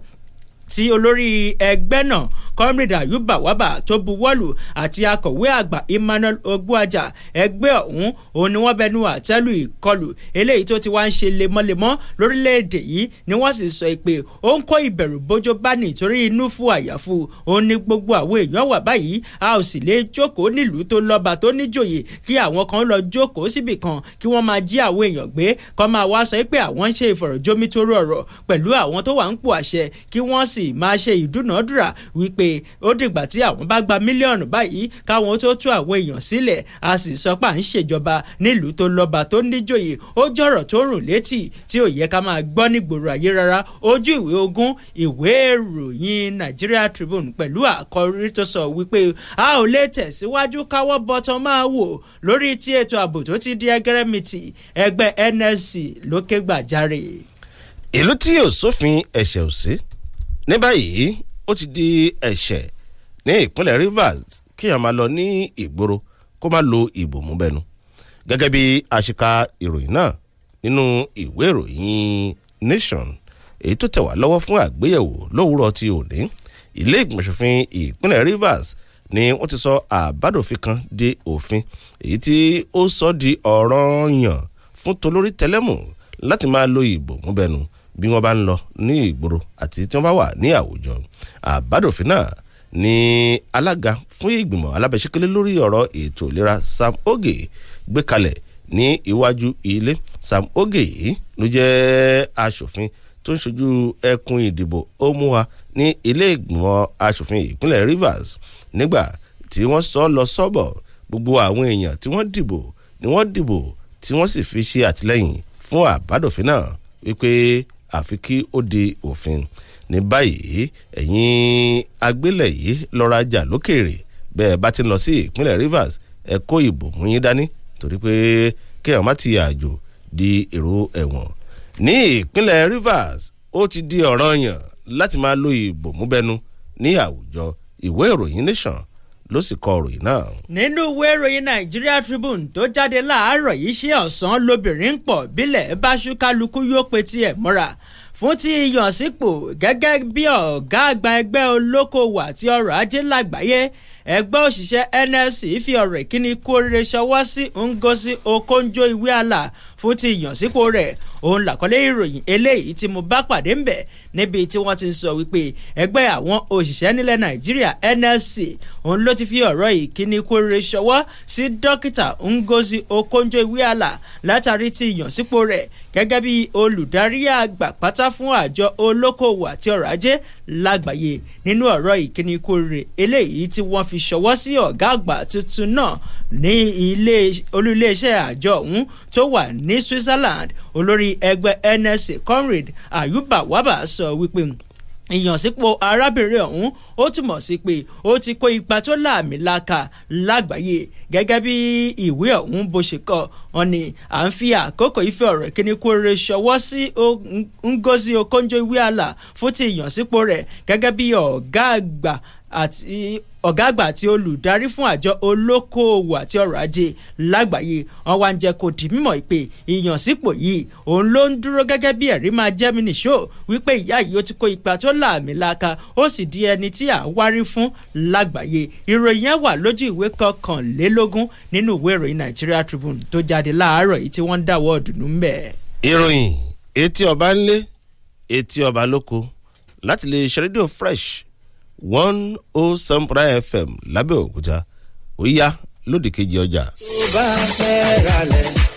tí olórí ẹgbẹ́ náà comrade ayuba waba tó buwọ́lù àti akọ̀wé àgbà emmanuel ogbuaja ẹgbẹ́ ọ̀hún òun ni wọ́n bẹnu àtẹ́lù ìkọlù eléyìí tó ti wá ń ṣe lemọ́lemọ́ lórílẹ̀‐èdè yìí ni wọ́n sì sọ pé ó ń kó ìbẹ̀rù bójó bá nítorí inú fún àyàfu òun ni gbogbo àwọn èèyàn wà báyìí a ò sì lè jókòó nílùú tó lọ́ba tó níjòyè kí àwọn kan lọ jókòó síbì kan kí wọ́n máa jí àwọn èèyàn gbé kọ́ máa wá sọ pé sì máa ṣe ìdúnàádúrà wípé ó dìgbà tí àwọn bá gba mílíọ̀nù báyìí káwọn tó tú àwọn èèyàn sílẹ̀ a sì sọ pé à ń ṣèjọba nílùú tó lọ́ba tó níjòyè ó jọ̀rọ̀ tó rùn létí tí ò yẹ ká máa gbọ́ nígboro ayé rárá ojú ìwé ogún ìwé ìròyìn Nigeria Tribune pẹ̀lú àkọrí tó sọ wípé a ò lè tẹ̀síwájú káwọ́ bọ́tán máa wò lórí ti ètò ààbò tó ti di ẹgẹrẹmìtì ẹgbẹ́ NSC ló ké gbàjarè. ìlú tí yóò sófin ẹ̀ṣẹ̀ ò ní báyìí ó ti di ẹ̀ṣẹ̀ ní ìpínlẹ̀ Rivers kíyàn máa lọ ní ìgboro kó má lo ìbòmú bẹnu gẹ́gẹ́ bí àṣìkà ìròyìn náà nínú ìwé ìròyìn Nation èyí tó tẹ̀ wá lọ́wọ́ fún àgbéyẹ̀wò lówùúrọ̀ ti òní ilé ìgbìmọ̀ ìpínlẹ̀ Rivers ni wọ́n ti sọ àbádòfin kan di òfin èyí tí ó sọ di ọ̀ranyàn fún tolórí tẹlẹ́mù láti máa lo ìbòmú bẹnu bí wọ́n bá ń lọ ní ìgboro àti tí wọ́n bá wà ní àwùjọ àbádòfin náà ni alága fún ìgbìmọ̀ alábẹ́sẹ́kẹ́lé lórí ọ̀rọ̀ ètò ìlera Sam Oge gbé kalẹ̀ ní iwájú ilé Sam Oge yìí ló jẹ́ aṣòfin tó ń ṣojú ẹkùn ìdìbò Omuwa ní ilé ìgbìmọ̀ aṣòfin ìpínlẹ̀ Rivers nígbà tí wọ́n sọ lọ sọ́bọ̀ gbogbo àwọn èèyàn tí wọ́n dìbò ni wọ́n dìbò tí wọ́n sì fi ṣe àtìlẹ́yìn fún àbádòfin náà wípé àfi kí ó di òfin ní báyìí ẹ̀yin agbélẹ̀ yìí lọ́ra jà lókèrè bẹ́ẹ̀ bá ti lọ sí ìpínlẹ̀ Rivers ẹ kó ìbò mú yín dání torí pé kéèyàn má ti àjò di èrò ẹ̀wọ̀n ní ìpínlẹ̀ Rivers ó ti di ọ̀ranyàn láti máa lo ìbòmúbẹ́nu ní àwùjọ ìwé ìròyìn Nation ló sì kọ ròyìn náà. nínú ìwé ìròyìn Nigeria Tribune tó jáde láàárọ̀ yìí ṣe ọ̀sán lobìnrin pọ̀ bílẹ̀ bá ṣú kálukú yóò pe tiẹ̀ mọ́ra fún ti ìyànsípò gẹ́gẹ́ bí ọ̀gá àgbà ẹgbẹ́ olókoòwò àti ọrọ̀ ajé lágbàáyé ẹgbẹ́ òṣìṣẹ́ NLC fi ọ̀rọ̀ ìkíni kú oríire ṣọwọ́ sí Ngozi Okonjo-Iweala fún ti ìyànsípò rẹ̀ òun làkọ́lé ìròyìn eléyìí tí mo bá pàdé ń bẹ̀ níbi tí wọ́n ti ń sọ wípé ẹgbẹ́ àwọn òṣìṣẹ́ nílẹ̀ nàìjíríà NLC òun ló ti fi ọ̀rọ̀ ìkíni kúrere ṣọwọ́ sí dókítà Ngozi Okonjo-Iweala látàrí ti ìyànsípò rẹ̀ gẹ́gẹ́ bí olùdarí àgbà pátá fún àjọ olókoòwò àti ọrọ̀ ajé lágbàáyé nínú ọ̀rọ̀ ìkíni kúrere eléyìí tí wọ́n fi ṣọwọ́ sí ọ̀gá àgbà tuntun náà ní ilé olú iléeṣẹ́ àjọ ọ̀hún tó wà ní Switzerland olórí ẹgbẹ́ NSC Conrad Ayuba Waba sọ wípé ìyànsípò arábìnrin ọ̀hún ó túmọ̀ sí pé ó ti kó ipa tó láàmìlaka lágbàáyé gẹ́gẹ́ bí ìwé ọ̀hún bó ṣe kọ wọn ni à ń fi àkókò ife ọ̀rọ̀ kíní kóore ṣọwọ́ sí Ngozi Okonjo-Iweala fún ti ìyànsípò rẹ̀ gẹ́gẹ́ bí ọ̀gá àgbà àti ọ̀gá àgbà àti olùdarí fún àjọ olókoòwò àti ọrọ̀ ajé lágbàáyé wọn wá ń jẹ́ kó di mímọ̀ ìpè ìyànsípò yìí òun ló ń dúró gẹ́gẹ́ bí ẹ̀rí máa jẹ́ mi nìṣó wípé ìyá yìí ó ti kó ipa tó láàmì laaka ó sì di ẹni tí à ń wárí fún lágbàáyé ìròyìn yẹn wà lójú ìwé kọkànlélógún nínú ìwé ìròyìn Nigeria Tribune tó jáde láàárọ̀ yìí tí wọ́n ń dáwọ́ ọ̀dùnnú mbẹ́. láti lè ṣe rédíò fresh one O oh seven point fm lábẹ́òkúta ó yá lódì kejì ọjà. tó bá fẹ́ ralẹ̀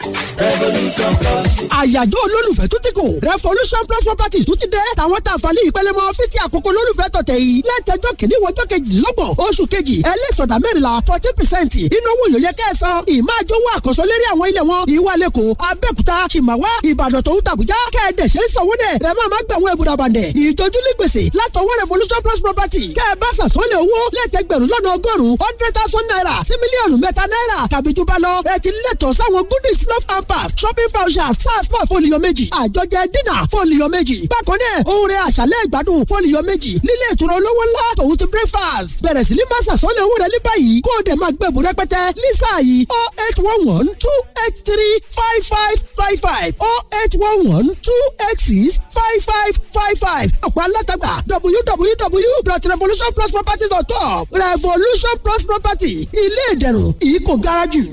revolution plus. àyájọ́ olólùfẹ́ tún ti kò revolution plus properties tún ti dé tàwọn tàǹfààní ìpẹlẹmọ fífi àkókò olólùfẹ́ tọ̀tẹ̀ yìí lẹ́tẹ̀jọ́ kìíní wọjọ́ kejìlélọ́gbọ̀n oṣù kejì ẹlẹ́sọ̀dá mẹ́rìnlá fourteen percent ìnáwó yòóyẹ kẹsàn ìmáàjọwọ́ àkànṣe lérí àwọn ilẹ̀ wọn ìwálẹ̀kùn abẹ́òkúta ṣìmáwá ìbàdàn tòun tàbújá kẹ́ẹ̀dẹ̀ṣẹ̀ sanwó dẹ̀ rẹ̀ máa máa gbẹ̀wọ̀n ẹ̀bùrà bàǹdẹ̀ ìjọjúlé gbèsè látọwọ́ revolution plus property kẹ́ẹ̀bá sàsọ́lẹ̀ owó lẹ́tẹ̀gbẹ̀rún lọ́nà ọgọ́rùn-ún hundred thousand naira sí mílíọ̀nù mẹ́ta náírà tàbí jù bá lọ love and pass shopping vouchers sars pọ̀ fólíò méjì àjọjẹ dínà fólíò méjì bákan náà ohun rẹ̀ àṣálẹ́ ìgbádùn fólíò méjì nílé ìtura olówó ńlá tòun ti breakfast bẹ̀rẹ̀ sí ní má sàsọ́lẹ̀ owó rẹ̀ ní báyìí kó o dẹ̀ máa gbẹ̀bù rẹpẹtẹ ní sáà yìí oh eight one one two eight three five five five five oh eight one one two eight six five five five five ọ̀pọ̀ alátagbà www.revolutionplusproperties.com revolution plus property ilé ìdẹ̀rùn ìkó gáràjì.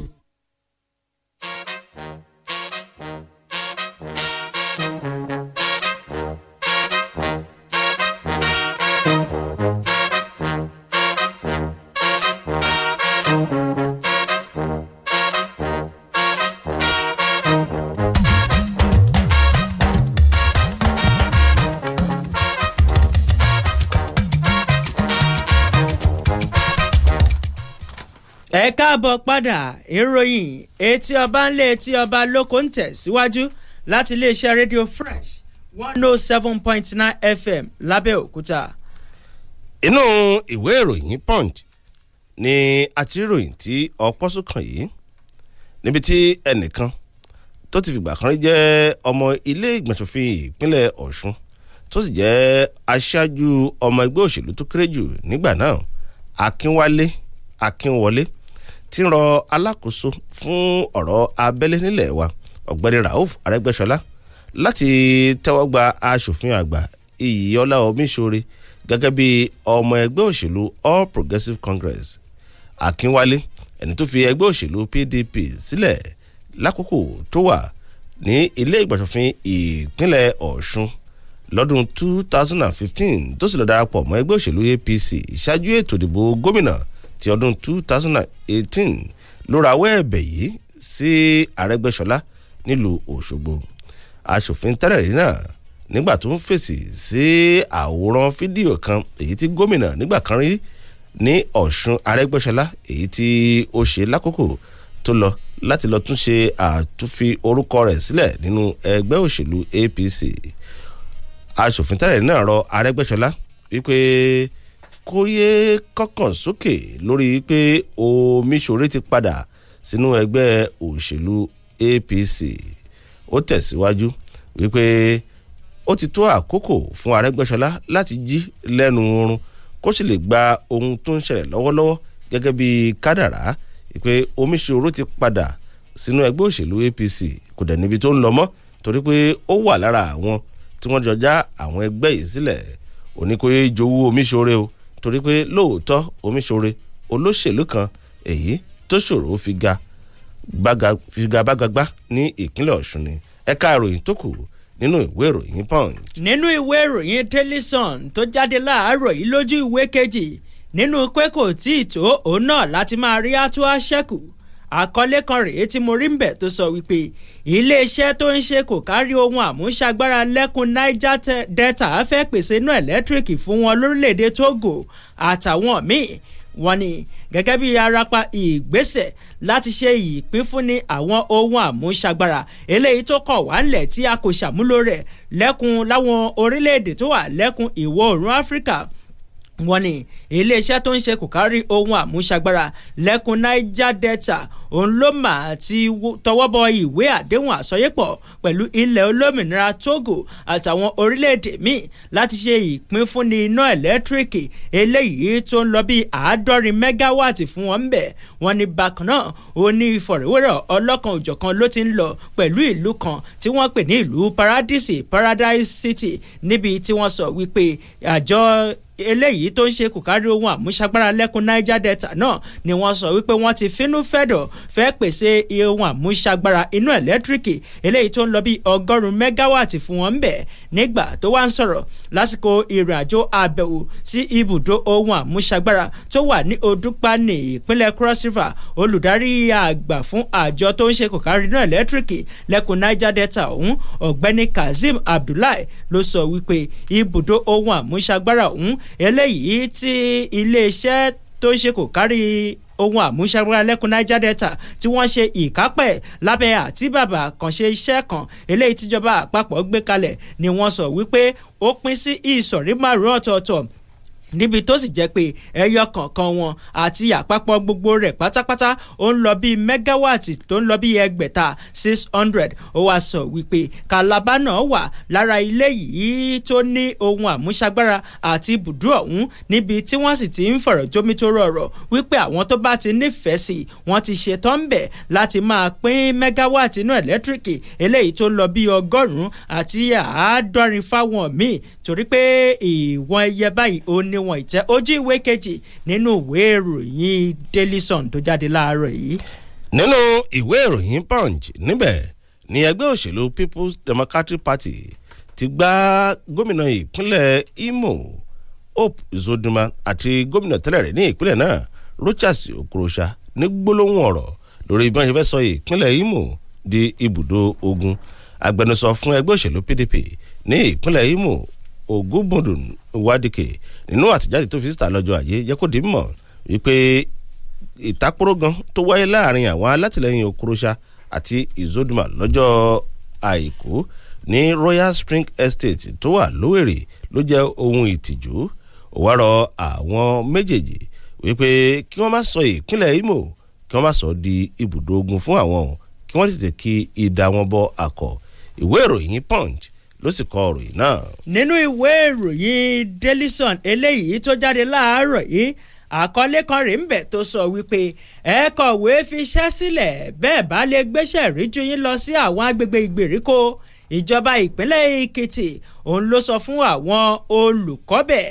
káàbọ̀ padà ìròyìn etí ọba ńlé etí ọba lóko ń tẹ̀síwájú láti iléeṣẹ́ rédíò fresh one oh seven point nine fm lábẹ́òkúta. inú ìwé ìròyìn punch ni àtìròyìn tí ọpọ́ sùkàn yìí níbi tí ẹnìkan tó ti fìgbà kan rí jẹ́ ọmọ ilé ìgbọ̀nsọ̀fin ìpínlẹ̀ ọ̀ṣun tó sì jẹ́ aṣáájú ọmọ ẹgbẹ́ òṣèlú tó kéré jù nígbà náà akínwálé akínwọlé ti ń rọ alákòóso fún ọ̀rọ̀ abẹ́lé nílẹ̀ wa ọ̀gbẹ́ni Rauf Arẹ́gbẹ́ṣọlá láti tẹ́wọ́ gba aṣòfin àgbà Ìyíọlá Omíṣore gẹ́gẹ́ bí ọmọ ẹgbẹ́ òṣèlú All Progressives Congress Akínwálé ẹni tó fi ẹgbẹ́ òṣèlú PDP sílẹ̀ lákòókò tó wà ní ilé ìgbàsọ̀fin ìpínlẹ̀ Ọ̀ṣun lọ́dún 2015 tó sì lọ darapọ̀ mọ́ ẹgbẹ́ òṣèlú APC ṣáájú ètò ìdìbò gómìnà 2019 ti ọdún 2018 ló rawọ́ ẹ̀bẹ̀ yìí sí Arẹ́gbẹ́ṣọlá nílùú Òṣogbo aṣòfin tẹ́lẹ̀rí náà nígbà tó ń fèsì sí àwòrán fídíò kan èyí tí gómìnà nígbà kan rí ní Ọ̀ṣun Arẹ́gbẹ́ṣọlá èyí tí ó ṣe lákòókò tó lọ láti lọ tún ṣe àtúnfi orúkọ rẹ̀ sílẹ̀ nínú ẹgbẹ́ òṣèlú APC aṣòfin tẹ́lẹ̀rí náà rọ Arẹ́gbẹ́ṣọlá wípé kóyé kọ́kàn sókè lórí pé Omiṣore ti padà sínú ẹgbẹ́ òṣèlú APC ó tẹ̀síwájú wípé ó ti tó àkókò fún Arẹ́gbẹ́ṣọlá láti jí lẹ́nu oorun kó sì lè gba ohun tó ń ṣẹlẹ̀ lọ́wọ́lọ́wọ́ gẹ́gẹ́ bí kádàrá pé Omiṣore ti padà sínú ẹgbẹ́ òṣèlú APC kò dẹ̀ níbi tó ń lọ mọ́ torí pé ó wà lára àwọn tí wọ́n jọ já àwọn ẹgbẹ́ yìí sílẹ̀ oníkóyè jowú Omiṣore o torí pé lóòótọ́ omiṣore olóṣèlú kan èyí tó ṣòro fi ga bágagbá ní ìpínlẹ̀ ọ̀ṣun ni ẹ̀ka ìròyìn tó kù nínú ìwé ìròyìn punch. nínú ìwé ìròyìn tẹlifíṣàn tó jáde láàárọ̀ yìí lójú ìwé kejì nínú pé kò tí ì tó òun náà láti máa rí àtúwá ṣẹ́kù àkọlé kan rèé tí mo rí ń bẹ̀ tó sọ wípé iléeṣẹ́ tó ń ṣe kò kárí ohun àmúṣagbára lẹ́kùn Niger Delta fẹ́ pèsè iná ẹ̀lẹ́tíríkì fún wọn lórílẹ̀‐èdè Togo àtàwọn míì wọ́n ní gẹ́gẹ́ bí arapa ìgbésẹ̀ láti ṣe ìpínfúnni àwọn ohun àmúṣagbára eléyìí tó kàn wá ńlẹ̀ tí a kò ṣàmúlò rẹ̀ lẹ́kùn láwọn orílẹ̀-èdè tó wà lẹ́kùn ìwọ̀ oòrùn Áfíríkà wọ́n ní iléeṣẹ́ tó ń ṣe kòkárí ohun àmúṣagbára lẹ́kùn niger delta òun ló mà á ti tọwọ́ bọ ìwé àdéhùn àsọyépọ̀ pẹ̀lú ilẹ̀ olómìnira togo àtàwọn orílẹ̀-èdè míì láti ṣe ìpínfúnni iná ẹ̀lẹ́tíríkì eléyìí tó ń lọ bí àádọ́rin mẹ́gáwáàtì fún wọn bẹ̀ wọ́n ní bákan náà ó ní ìfọ̀rọ̀wérọ̀ ọlọ́kan òjọ̀kan ló ti ń lọ pẹ̀lú ìlú kan tí wọ́n pè ní ìlú paradisi paradise city níbi tí wọ́n sọ wípé àjọ eléyìí tó ń ṣe kòkárí ohun àmúṣagbára lẹ́kùn Niger Delta náà ni wọ́n sọ wípé wọ́n ti fínú fẹ́dọ̀ fẹ́ pèsè ohun àmúṣagbára iná ẹ̀lẹ́tíríkì eléyìí tó ń lọ bí ọgọ́rùn-ún mẹ́gáwàtì fún wọn bẹ̀ nígbà tó wá ń sọ̀rọ̀ lásìkò ìrìnàjò àbẹ̀wò sí ibùdó ohun àmúṣagbára tó wà ní Odúpa ní ìpínlẹ̀ Cross River olùdarí àgbà fún àjọ tó ń ṣe kòkárí iná ẹ̀lẹ́tíríkì lẹ́kùn Niger Delta ọ̀hún ọ̀gbẹ́ni Kazeem Abdullahi ló sọ wípé ibùdó ohun àmúṣagbára eléyìí tí iléeṣẹ́ tó ṣe kò kárí ohun àmúṣagbára lẹ́kùn niger delta tí wọ́n ṣe ìkápẹ̀ lábẹ́ àtíbàbà kànṣe iṣẹ́ kan eléyìí tíjọba àpapọ̀ gbé kalẹ̀ ni wọ́n sọ wípé ó pín sí ìsọ̀rí márùn-ún ọ̀tọ̀ọ̀tọ̀ níbi tó sì jẹ́ pé ẹyọ kọ̀ọ̀kan wọn àti àpapọ̀ gbogbo rẹ̀ pátápátá ó ń lọ bíi mẹ́gáwáàtì tó ń lọ bíi ẹgbẹ̀ta six hundred ó wá sọ wípé Calabar náà wà lára ilé yìí tó ní ohun àmúṣagbára àti ibùdó ọ̀hún níbi tí wọ́n sì ti ń fọ̀rọ̀ jómitóró ọ̀rọ̀ wípé àwọn tó bá ti nífẹ̀ẹ́ sí wọ́n ti ṣetán ń bẹ̀ láti máa pín mẹ́gáwáàtì inú ẹ̀lẹ́tíríkì eléyìí tó lọ bíi ọgọ́rùn-ún àti àádọ́rin fáwọn míì torí pé ìwọ̀n ẹyẹ báyìí ó ní ni wọn ìtẹ́ ojú ìwé kejì nínú ìwé ìròyìn Daily Sun tó jáde láàárọ̀ yìí. nínú ìwé ìròyìn Punch níbẹ̀ ni ẹgbẹ́ òṣèlú People's Democratic Party ti gba gómìnà ìpínlẹ̀ Imo Hope Uzodinma àti gómìnà tẹ́lẹ̀ rẹ̀ ní ìpínlẹ̀ náà Rochas Okorocha ní gbólóhùn ọ̀rọ̀ lórí bí wọ́n ṣe fẹ́ sọ ìpínlẹ̀ Imo di ibùdó ogun agbẹnusọ fún ẹgbẹ́ òṣèlú PDP ní ìpínlẹ̀ Imo ògúnbùndùn wádìkè nínú àtẹ̀jáde tó fi síta lọ́jọ́ àyè jẹ́ kó di mímọ̀ wípé ìtakpóró gan tó wáyé láàrin àwọn alátìlẹyìn okorosa àti izoduma lọ́jọ́ àìkú ní Royal Spring Estate tó wà lówèrè ló jẹ́ ohun ìtìjú ó wá rọ àwọn méjèèjì wípé kí wọ́n má sọ ìpínlẹ̀ Imo kí wọ́n má sọ di ibùdó ogun fún àwọn kí wọ́n tètè kí idà wọn bọ akọ ìwé ìròyìn Punch ló sì kọ ìròyìn náà. nínú ìwé ìròyìn Daily Sun eléyìí tó jáde láàárọ̀ yìí àkọlé kan rèé ńbẹ tó sọ wípé ẹ kọ̀wé fiṣẹ́ sílẹ̀ bẹ́ẹ̀ bá lè gbéṣẹ́ rí ju yín lọ sí àwọn agbègbè ìgbèríko ìjọba ìpínlẹ̀ Èkìtì òun ló sọ fún àwọn olùkọ́bẹ̀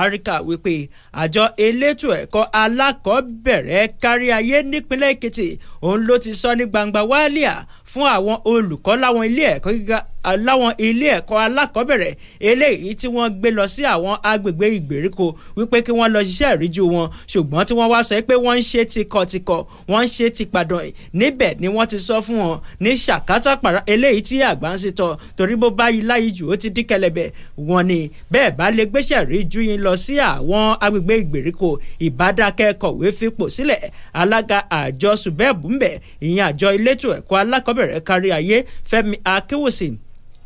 àríkà wípé àjọ elétò ẹ̀kọ́ alákọ̀ọ́bẹ̀rẹ̀ káríayé nípínlẹ̀ Èkìtì òun ló ti sọ ní gbangba wálíà fún àwọn olùkọ́ láwọn ilé ẹ̀kọ́ gíga láwọn ilé ẹ̀kọ́ alákọ̀ọ́bẹ̀rẹ̀ eléyìí tí wọ́n gbé lọ sí àwọn agbègbè ìgbèríko wípé kí wọ́n lọ ṣiṣẹ́ ìríjú wọn ṣùgbọ́n tí wọ́n wá sọ pé wọ́n ń ṣe tikọ̀tikọ̀ wọ́n ń ṣe tìpàdàn níbẹ̀ ni wọ́n ti sọ fún wọn ní ṣàkátà pàrà eléyìí tí àgbà ń sitọ̀ torí bó bá yìí láyìí jù ó ti dín kẹlẹ̀bẹ̀ wọn ni bẹ́ẹ̀ bá lè gbéṣẹ́ ìríjú yín lọ sí àwọn agbègbè ìgbèríko ìbádákẹ́kọ̀wé fipò sílẹ̀ alága àjọ bẹ̀rẹ̀ kárí ayé fẹ́mi akéwòsì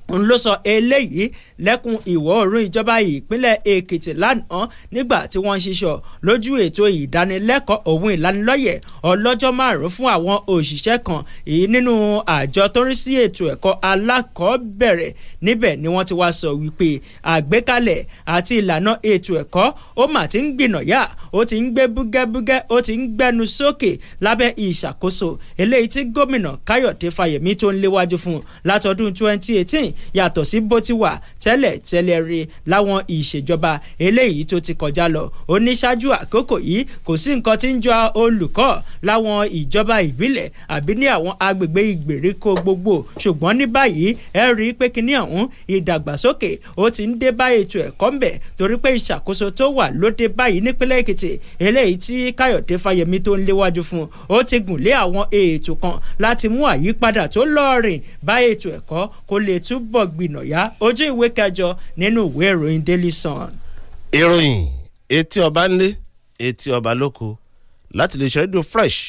òun ló sọ eléyìí lẹ́kùn ìwọ̀ oòrùn ìjọba ìpínlẹ̀ èkìtì lánàá nígbà tí wọ́n ń ṣiṣọ́ lójú ètò ìdánilẹ́kọ̀ọ́ òun ìlanilọ́yẹ̀ ọlọ́jọ́ márùn-ún fún àwọn òṣìṣẹ́ kan èyí nínú àjọ tó ń rí sí ètò ẹ̀kọ́ alákọ̀ọ́bẹ̀rẹ̀ níbẹ̀ ni wọ́n ti wá sọ wípé àgbékalẹ̀ àti ìlànà ètò ẹ̀kọ́ ó mà ti ń gbìnàyà ó ti ń gbé búgẹ́búgẹ́ ó ti ń 2018 yàtọ̀ sí bó ti wà tẹ́lẹ̀ tẹ́lẹ̀ rí láwọn ìṣèjọba eléyìí tó ti kọjá lọ oníṣáájú àkókò yìí kò sí nǹkan tí ń jọ olùkọ́ láwọn ìjọba ìbílẹ̀ àbí ní àwọn agbègbè ìgbèríko gbogbo ṣùgbọ́n ní báyìí ẹ rí i pé kíní ọ̀hún ìdàgbàsókè ó ti ń dé bá ètò ẹ̀kọ́ ńbẹ̀ torí pé ìṣàkóso tó wà lóde báyìí nípínlẹ̀ èkìtì eléyìí tí káyọ̀dé fáyemí tó ń léwájú fún ó ti gùn lé àwọn ètò kan láti mú àyípadà tó lọ́ọ̀rìn bá ètò ẹ̀kọ́ kó lè túb bọ̀gbìnàyà ojú ìwé kẹjọ nínú ìwé ìròyìn daily sun. ìròyìn etí ọba ńlé etí ọba lóko láti lè ṣe rédíò fresh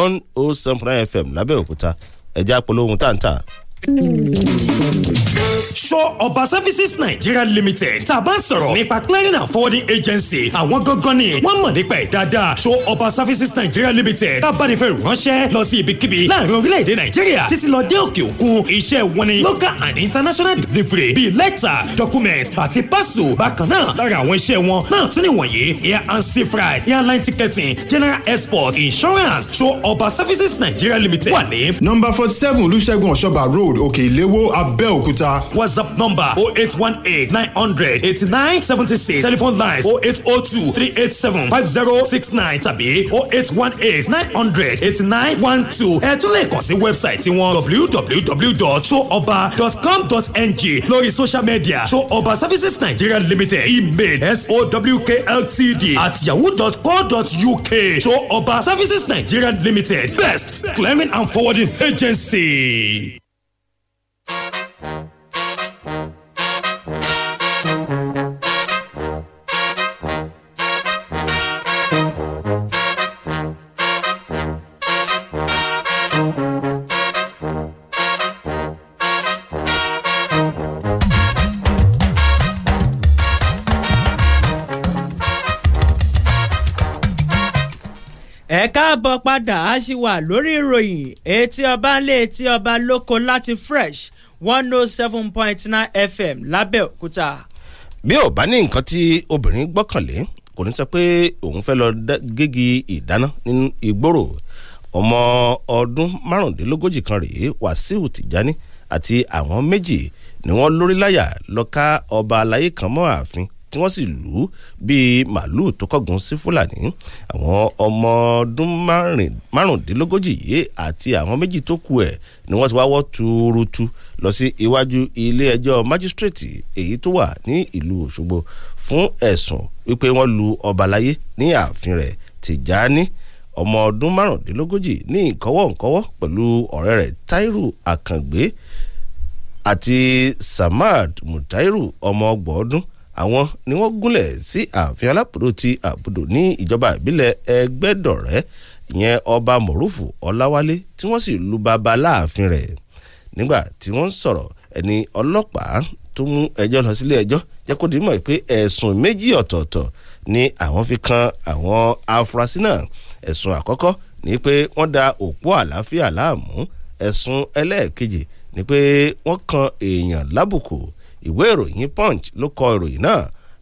one oh seven point nine fm lábẹ́òkúta ẹ̀jẹ̀ àpolówó ohun tá à ń tà. Sure Ọba Services Nigeria Limited tá a bá ń sọ̀rọ̀ nípa clearing and forwarding agency àwọn gangan ni wọ́n mọ̀ nípa ẹ̀ dáadáa Sure Ọba Services Nigeria Limited tá a bá ní fẹ́ ránṣẹ́ lọ sí ibikíbi láàrin orílẹ̀-èdè Nàìjíríà títí lọ dé òkè òkun iṣẹ́ wọn ni local and international delivery bíi lẹ́tà document àti parcel bákan náà lára àwọn iṣẹ́ wọn náà tún níwọ̀nyí air and sea freight airline ticketing general export insurance Sure Ọba Services Nigeria Limited wà ní. Number forty seven olùṣègùn ọ̀ṣọ́bà road òkè ìléwó abẹ́òkúta. wá WhatsApp number 0818 900 8976 telephone lines 0802 387 5069 tàbí 0818 900 8912 ẹ tún lè kàn sí wẹ́bsáìtì tiwọn www.showoba.com.ng lórí social media showoba services Nigeria limited email sowkltd at yahoo.co.uk showoba services Nigeria limited best claiming and forwarding agency. ẹ káàbọ̀ padà a ṣì wà lórí ìròyìn etí ọba ńlé etí ọba lóko láti fresh one oh seven point nine fm lábẹ́òkúta. bí ò bá ní nǹkan tí obìnrin gbọ́kànlé kò ní sọ pé òun fẹ́ lọ gégi ìdáná nínú ìgboro ọmọ ọdún márùndínlógójì kan rèé wàsíù tìjání àti àwọn méjì ni wọ́n lórí láyà lọ ọba aláyé kan mọ́ ààfin tí wọ́n sì lù ú bíi màálùú tó kọ́gun sí fúlàní àwọn ọmọ ọdún márùndínlógójì yìí àti àwọn méjì tó kù ẹ̀ ni wọ́n ti wá wọ́ tuurutu lọ sí iwájú ilé-ẹjọ́ májísírèètì èyí tó wà ní ìlú Òṣogbo fún ẹ̀sùn wípé wọ́n lu ọba láyé ní ààfin rẹ̀ Tìjání ọmọ ọdún márùndínlógójì ní ìkọ́wọ́ǹkọ́wọ́ pẹ̀lú ọ̀rẹ́ rẹ̀ Táírù Àkàngbé àti Samad Mutairu ọmọ ọgbọ̀n ọdún àwọn ni wọ́n gúnlẹ̀ sí ààfin alápòdó ti àbùdó ní ìjọba ìbílẹ̀ ẹgbẹ́dọ̀rẹ́ ìyẹn ọba mọ̀rúfù ọláwálé tí wọ́n sì lu bàbá láàfin rẹ̀ nígbà tí wọ́n ń sọ̀rọ̀ ẹni ọlọ́pàá tó mú ẹjọ́ lọ sílé ẹjọ́ jẹ́ kó dì í mọ̀ pé ẹ̀sùn méjì ọ̀tọ̀ọ̀tọ̀ ni àwọn fi kan àwọn afurasí náà ẹ̀sùn àkọ́kọ́ ni pé wọ́n da òpó àlàáfíà láàmú ẹ̀sùn ẹlẹ́ẹ̀kejì ni pé wọ́n kan èèyàn lábùkù ìwé ìròyìn punch ló kọ ìròyìn náà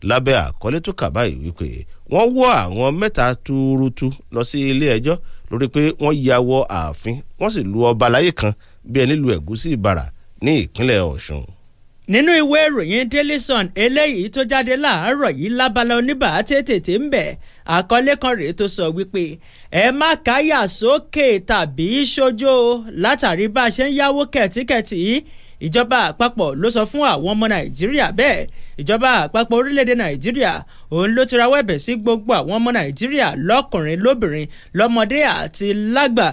lábẹ́ àkọlé tó kà báyìí wípé wọ́n wọ́ àwọn mẹ́ta túurutu lọ sí ilé ẹjọ́ lórí pé wọ́n ya wọ ààfin wọ́n sì lu ọba láyé kan bí ẹni lu ẹ̀gúsí ìbàrà ní ìpínlẹ̀ ọ̀ṣun nínú ìwé ìròyìn Daily Sun eléyìí tó jáde láàárọ̀ yìí lábala oníbà tètè ń bẹ̀ àkọlé kan rèé tó sọ wípé ẹ má káyà sókè tàbí ṣojo látàrí bá a ṣe ń yáwó kẹ̀tíkẹ̀tì yìí ìjọba àpapọ̀ ló sọ fún àwọn ọmọ nàìjíríà bẹ́ẹ̀ ìjọba àpapọ̀ orílẹ̀-èdè nàìjíríà òun ló ti rawọ́ ẹ̀bẹ̀ sí gbogbo àwọn ọmọ nàìjíríà lọ́kùnrin lóbìnrin lọ́mọdé àti lágbà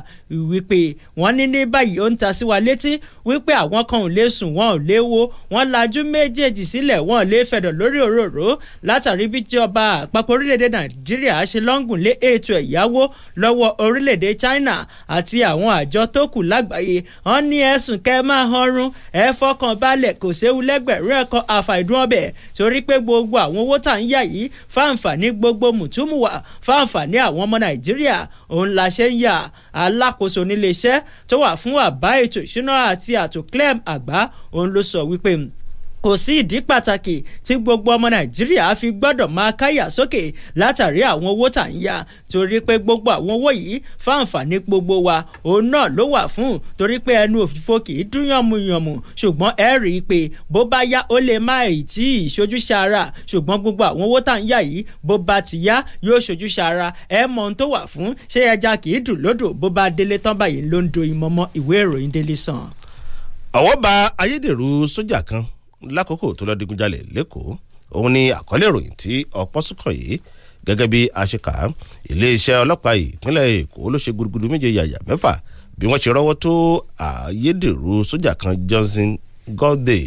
wípé wọ́n ní ní báyìí ó ń ta sí wa létí wípé àwọn kan ò lè sùn wọn ò lè wo wọn lajú méjèèjì sílẹ̀ wọn ò lè fẹ̀dọ̀ lórí òróró látàrí bí ìjọba àpapọ̀ orílẹ̀-èdè nàìjíríà ṣe lọ́ngùn lé ètò ẹ̀yáwó lọ́wọ́ orílẹ̀-èdè China àti àwọn àjọ tó kù lágbàáyé wọn ní ẹ̀sùn kẹ́ máa hanrun ẹ fọkàn balẹ̀ kò séwu lẹ́gbẹ̀rún ẹ̀kọ́ àfàìdún torí pé gbogbo àwọn owó tá à ń yá yìí fáǹfààní gbogbo mùtúmùwà fáǹfààní àwọn ọmọ nàìjíríà òun la ṣe ń yà alákòóso níléeṣẹ́ tó wà fún àbá ètò ìṣúná àti àtò clem àgbá òun ló sọ wípé kò sí ìdí pàtàkì tí gbogbo ọmọ nàìjíríà fi gbọ́dọ̀ máa káyà sókè látàrí àwọn owó tà ń yá torí pé gbogbo àwọn owó yìí fáǹfààní gbogbo wa òun náà ló wà fún torí pé ẹnu òfìfo kì í dún yànmùyànmù ṣùgbọ́n ẹ rí i pé bó bá yá ó lè má ì tí ṣara ṣùgbọ́n gbogbo àwọn owó tà ń yá yìí bó bá ti yá yóò ṣojú ṣara ẹ mọ ohun tó wà fún ṣé ẹja kì í dùn lódò bó bá délé tán báyìí ló ń do ìmọ̀mọ́ ìwé ìròyìn Daily Sun. ọ̀wọ́ bà ayédèrú sójà kan lákòókò tó lọ́ọ́ digunjalè lẹ́kọ̀ọ́ òun ni àkọlé ìròyìn tí ọ̀pọ̀ sùkàn yìí gẹ́gẹ́ bí aṣèkà iléeṣẹ́ ọlọ́pàá ìpínlẹ̀ èkó ló ṣe gudugudu méje yàyà mẹ́fà bí wọ́n ṣe rọ́wọ́ tó àyédèrú sójà kan Johnson Godey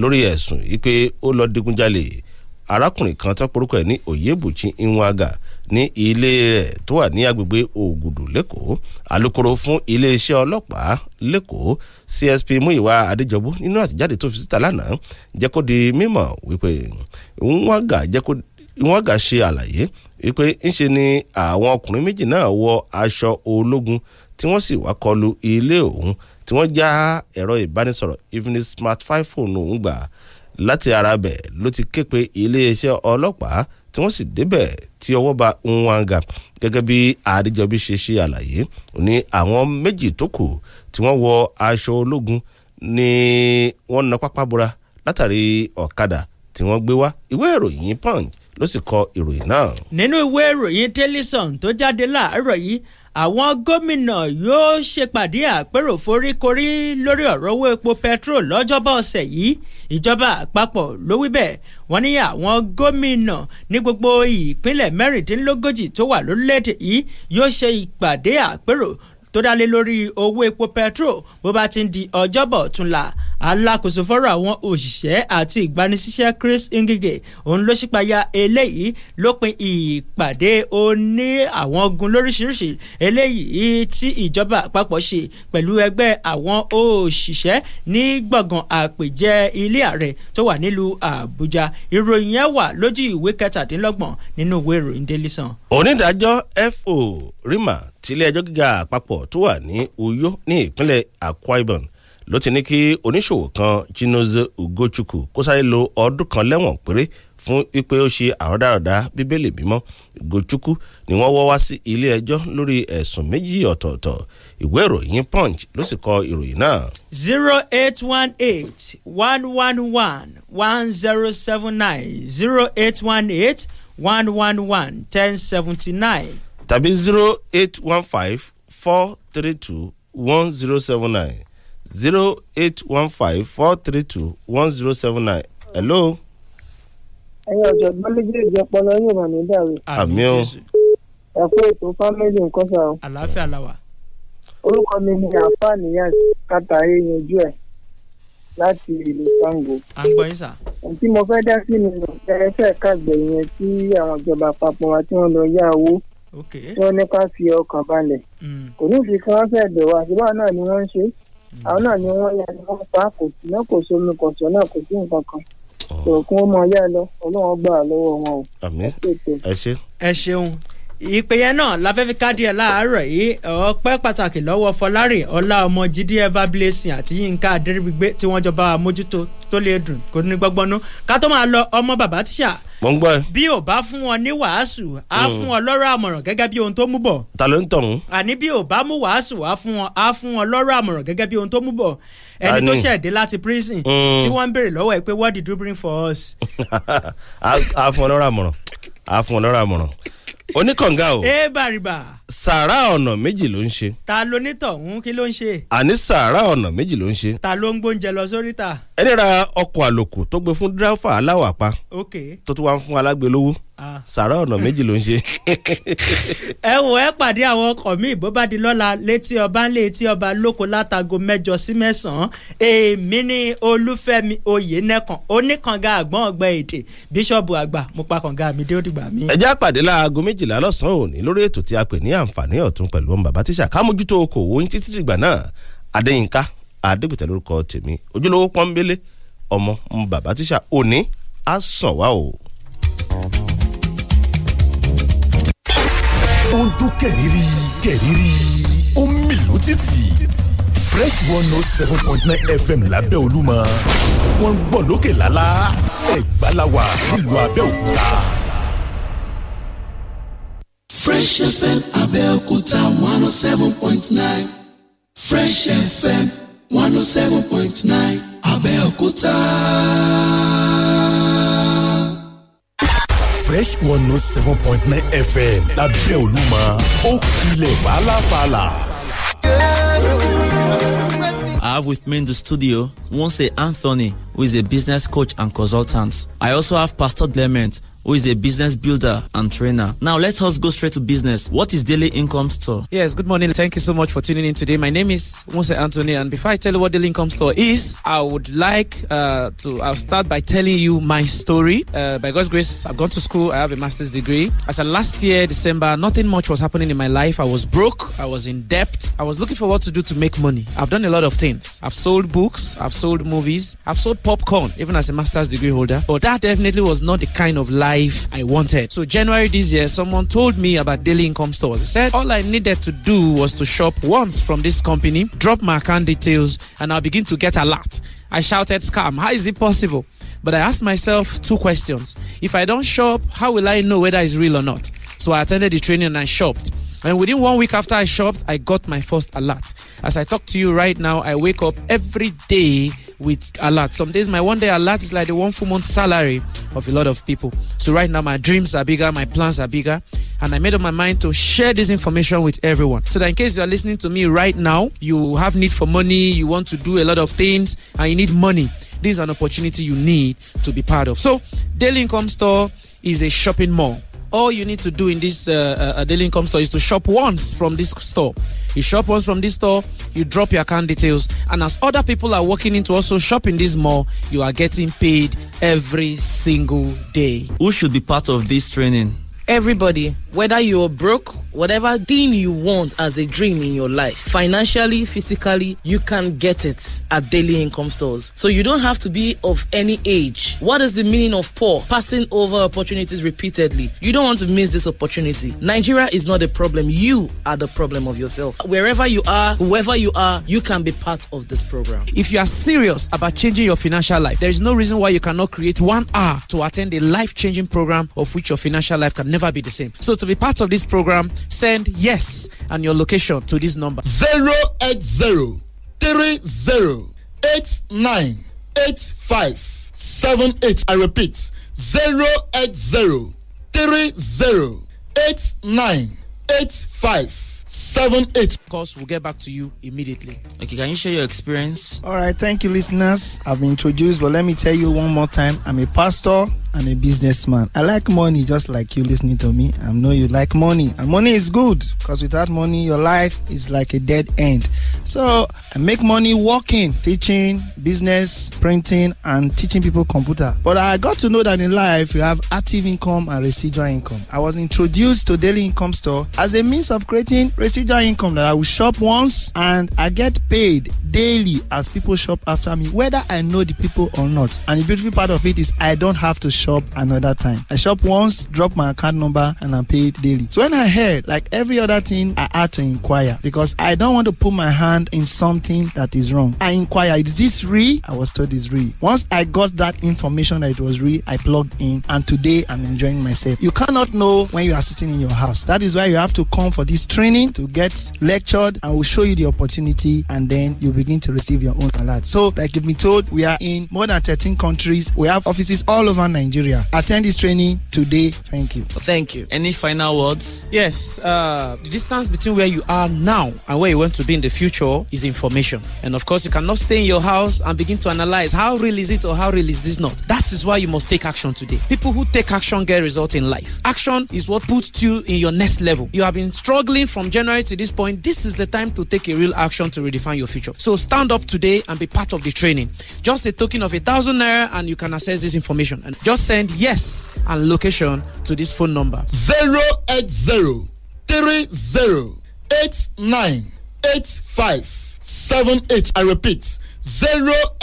lórí ẹ̀sùn yìí pé ó lọ́ọ́ digunjalè arákùnrin kan tó porúkọ ẹ̀ ní Oyèbùchi Nwaga ní ilé rẹ̀ tó wà ní agbègbè ògùdù lẹ́kọ̀ọ́ alukoro fún iléeṣẹ́ ọlọ́pàá lẹ́kọ̀ọ́ CSP Múyìwá Adéjọbú nínú àtijáde tó fi síta lánàá jẹ́ kó di mímọ̀ wípé wọ́n gà jẹ́ kó wọ́n gà ṣe àlàyé wípé ńṣe ni àwọn ọkùnrin méjì náà wọ aṣọ ológun tí wọ́n sì wá kọlu ilé òun tí wọ́n já ẹ̀rọ ìbánisọ̀rọ̀ evening smart five phone òun gbà láti ara bẹ̀ ló ti ké pe iléeṣẹ́ ọlọ́pàá tí wọ́n sì débẹ̀ tí ọwọ́ ba nwanga gẹ́gẹ́ bí àdéjọbí ṣe ṣe àlàyé ní àwọn méjì tó kù tí wọ́n wọ aṣọ ológun ni wọ́n na pápá bora látàrí ọ̀kadà tí wọ́n gbé wá ìwé ìròyìn punch ló sì kọ ìròyìn náà. nínú ìwé ìròyìn tẹlifíṣàn tó jáde láàárọ̀ yìí àwọn gómìnà yóò ṣèpàdé àpérò foríkorí lórí ọ̀rọ̀ owó epo petro lọ́jọ́bọ̀ ọ̀sẹ̀ yìí ìjọba àpapọ̀ ló wí bẹ́ẹ̀ wọ́n ní àwọn gómìnà ní gbogbo ìpínlẹ̀ mẹ́rìndínlógójì tó wà lórílẹ̀‐èdè yìí yóò ṣe ìpàdé àpérò tó dálé lórí owó epo petrol bó bá ti ń di ọjọ́bọ̀ túnla alákòóso fọ́rọ̀ àwọn òṣìṣẹ́ àti ìgbanisíṣẹ́ Chris Ngige òun ló ṣípayá eléyìí lópin ìpàdé oní àwọn ogun lóríṣiríṣi eléyìí tí ìjọba àpapọ̀ ṣe pẹ̀lú ẹgbẹ́ àwọn òṣìṣẹ́ ní gbọ̀ngàn àpèjẹ ilé ààrẹ tó wà nílùú Àbújá ìròyìn yẹn wà lójú ìwé kẹtàdínlọ́gbọ̀n nínú ìwé ìròyìn Daily Sun. onídàájọ́ F.O. Rima tílé ẹjọ́ gíga àpapọ̀ tó wà ní Uyo ní ìpínlẹ̀ Akwa Ibom ló ti ní kí oníṣòwò kan Chinozie Ugochukwu kó sáré lo ọdún kan lẹ́wọ̀n péré fún wípé ó ṣe àrọ́dàrọ́dà bíbélì mímọ́ Ugochukwu ni wọ́n wọ́ wá sí ilé ẹjọ́ lórí ẹ̀sùn méjì ọ̀tọ̀ọ̀tọ̀ ìwé ìròyìn Punch ló sì kọ ìròyìn náà. zero eight one eight one one one one zero seven nine zero eight one eight one one one ten seventy nine tàbí zero eight one five four three two one zero seven nine zero eight one five four three two one zero seven nine hello. ẹ̀yin ọ̀jọ̀gbọ́n méjèèjì ọpọlọ yóò wà ní dàrú. àmì o. ẹ kú ètò fámẹ́lì nǹkan sọ. àlàáfíà la orúkọ mi ni àfààní yá kàtàrí yanjú ẹ láti ìlú sango. à ń gbọ́ yín sà. ohun tí mo fẹ́ dá sí ni ẹ̀rẹ́fẹ́ kàgbẹ̀yìn tí àwọn ìjọba àpapọ̀ àti wọn lọ yá owó wọ́n ní ká fi ọkàn balẹ̀ hmm. kò ní fi kán fẹ́ bẹ̀wò àdúrà náà ni wọ́n ń ṣe hmm. àwọn náà ni wọ́n yà ni wọ́n pa kò sí náà kò sómi kọ̀tọ̀ náà kò sí nǹkan kan oh. òkun ó mọ yá lọ ọlọ́run gbà lọ́wọ́ wọn o. ẹ ṣeun ìpè yẹn náà la káàdì ẹ̀ láàárọ̀ yìí ọpẹ́ pàtàkì lọ́wọ́ fọlárìn ọlá ọmọ jíde ever blessing àti yínká adéríbigbé tí wọ́n jọba àmójútó tó lè dùn kò ní gbọ́gbọ́nú ká tó máa lọ ọmọ bàbá tíṣà mo bí ò bá fún wọn ní wàásù á hmm. fún wọn lọ́rọ̀ àmọ̀ràn gẹ́gẹ́ bí ohun tó mú bọ̀. ta ló ń tọ̀hún. ẹni tó ṣẹ̀dé láti prison hmm. tí wọ́n ń béèrè lọ́wọ́ ẹ pé what did you bring for us. á fún wọn lọ́rọ̀ àmọ̀ràn á fún wọn lọ́rọ̀ àmọ̀ràn oníkànga o. ee bàrìbà. sàrà ọ̀nà méjì ló ń ṣe. ta ló ní tọ̀hún kí ló ń ṣe. àní sàrà ọ̀nà méjì ló ń ṣe. ta ló ń gbóúnjẹ lọ sórí ta. ẹni ra ọkọ̀ àlòkù tó gbé fún díráfà aláwọ̀ àpá. ok tó tún wá ń fún alágbèlówó sàrà ọ̀nà méjì ló ń ṣe. ẹ wò ẹ pàdé àwọn ọkọ mi ìbò bá di lọ́la létí ọba ń létí ọba lóko látago mẹ́jọ sí mẹ́sàn-án èmi ní olúfẹ́mi oyènẹ́kan oníkanga àgbọ̀n ọgbẹ́ èdè bíṣọ̀bù àgbà mo pa kànga mi dé òdìgbà mi. ẹ já pàdé láago méjìlá lọ́sàn-án òní lórí ètò tí a pè ní àǹfààní ọ̀tún pẹ̀lú ọmọ bàbá tíṣà kámójútó okòwò yín títí dìgbà náà adéyínká tó kẹ̀rìírí kẹ̀rìírí ó ń mì fresh one note oh seven point nine fm lábẹ́ olúmọ wọ́n ń gbọ́ lókè lálá ẹ̀gbá la nílùú abẹ́òkúta. fresh fm abẹ́òkúta one oh seven point nine fresh fm one oh seven point nine abẹ́òkúta fresh one note oh seven point nine fm lábẹ́ olúmọ ó kulẹ̀ fàlàfàlà. I have with me in the studio Monse Anthony, who is a business coach and consultant. I also have Pastor Clement, who is a business builder and trainer. Now, let us go straight to business. What is Daily Income Store? Yes, good morning. Thank you so much for tuning in today. My name is Mose Anthony, and before I tell you what Daily Income Store is, I would like uh, to I'll start by telling you my story. Uh, by God's grace, I've gone to school. I have a master's degree. As a last year, December, nothing much was happening in my life. I was broke. I was in debt. I was looking for what to do to make money. I've done a lot of things. I've sold books. I've sold movies. I've sold popcorn, even as a master's degree holder. But that definitely was not the kind of life life I wanted. So January this year, someone told me about daily income stores. I said all I needed to do was to shop once from this company, drop my account details, and I'll begin to get a lot. I shouted scam. How is it possible? But I asked myself two questions. If I don't shop, how will I know whether it's real or not? So I attended the training and I shopped. And within one week after I shopped, I got my first alert. As I talk to you right now, I wake up every day with alerts. Some days my one day alert is like the one full month salary of a lot of people. So right now my dreams are bigger, my plans are bigger, and I made up my mind to share this information with everyone. So that in case you are listening to me right now, you have need for money, you want to do a lot of things, and you need money. This is an opportunity you need to be part of. So Daily Income Store is a shopping mall all you need to do in this uh, uh, uh, daily income store is to shop once from this store. You shop once from this store, you drop your account details, and as other people are walking into also shopping this mall, you are getting paid every single day. Who should be part of this training? Everybody, whether you're broke, whatever thing you want as a dream in your life, financially, physically, you can get it at daily income stores. So you don't have to be of any age. What is the meaning of poor? Passing over opportunities repeatedly. You don't want to miss this opportunity. Nigeria is not a problem. You are the problem of yourself. Wherever you are, whoever you are, you can be part of this program. If you are serious about changing your financial life, there is no reason why you cannot create one hour to attend a life changing program of which your financial life can never be the same. So to be part of this program, send yes and your location to this number 080 I repeat 080 30 seven eight. Of course, we'll get back to you immediately. Okay, can you share your experience? All right, thank you, listeners. I've been introduced, but let me tell you one more time. I'm a pastor I'm a businessman. I like money just like you listening to me. I know you like money. And money is good because without money, your life is like a dead end. So I make money working, teaching, business, printing, and teaching people computer. But I got to know that in life, you have active income and residual income. I was introduced to Daily Income Store as a means of creating residual income that I will shop once and I get paid daily as people shop after me, whether I know the people or not. And the beautiful part of it is I don't have to shop shop another time. I shop once, drop my account number, and i pay paid daily. So when I heard, like every other thing, I had to inquire because I don't want to put my hand in something that is wrong. I inquired, is this real? I was told it's real. Once I got that information that it was real, I plugged in, and today I'm enjoying myself. You cannot know when you are sitting in your house. That is why you have to come for this training to get lectured, and we'll show you the opportunity, and then you begin to receive your own alert. So, like you've been told, we are in more than 13 countries. We have offices all over Nigeria. Nigeria. Attend this training today. Thank you. Thank you. Any final words? Yes. Uh, the distance between where you are now and where you want to be in the future is information. And of course, you cannot stay in your house and begin to analyze how real is it or how real is this not. That is why you must take action today. People who take action get results in life. Action is what puts you in your next level. You have been struggling from January to this point. This is the time to take a real action to redefine your future. So stand up today and be part of the training. Just a token of a thousand naira, and you can access this information. And just send yes and location to this phone number 080 I repeat 080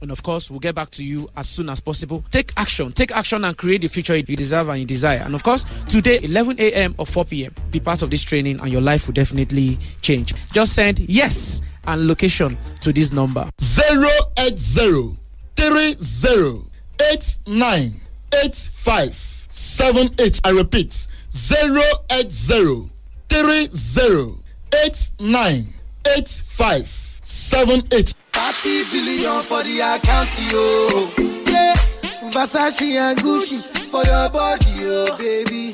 And of course, we'll get back to you as soon as possible. Take action, take action, and create the future you deserve and you desire. And of course, today 11 a.m. or 4 p.m. Be part of this training, and your life will definitely change. Just send yes and location to this number. zero zero zero eight eight three nine eight five seven eight. I repeat zero zero zero eight three 080 30 89 85 78. 30 billion for the account, yo. Yeah, Versace and Gucci for your body, yo, baby.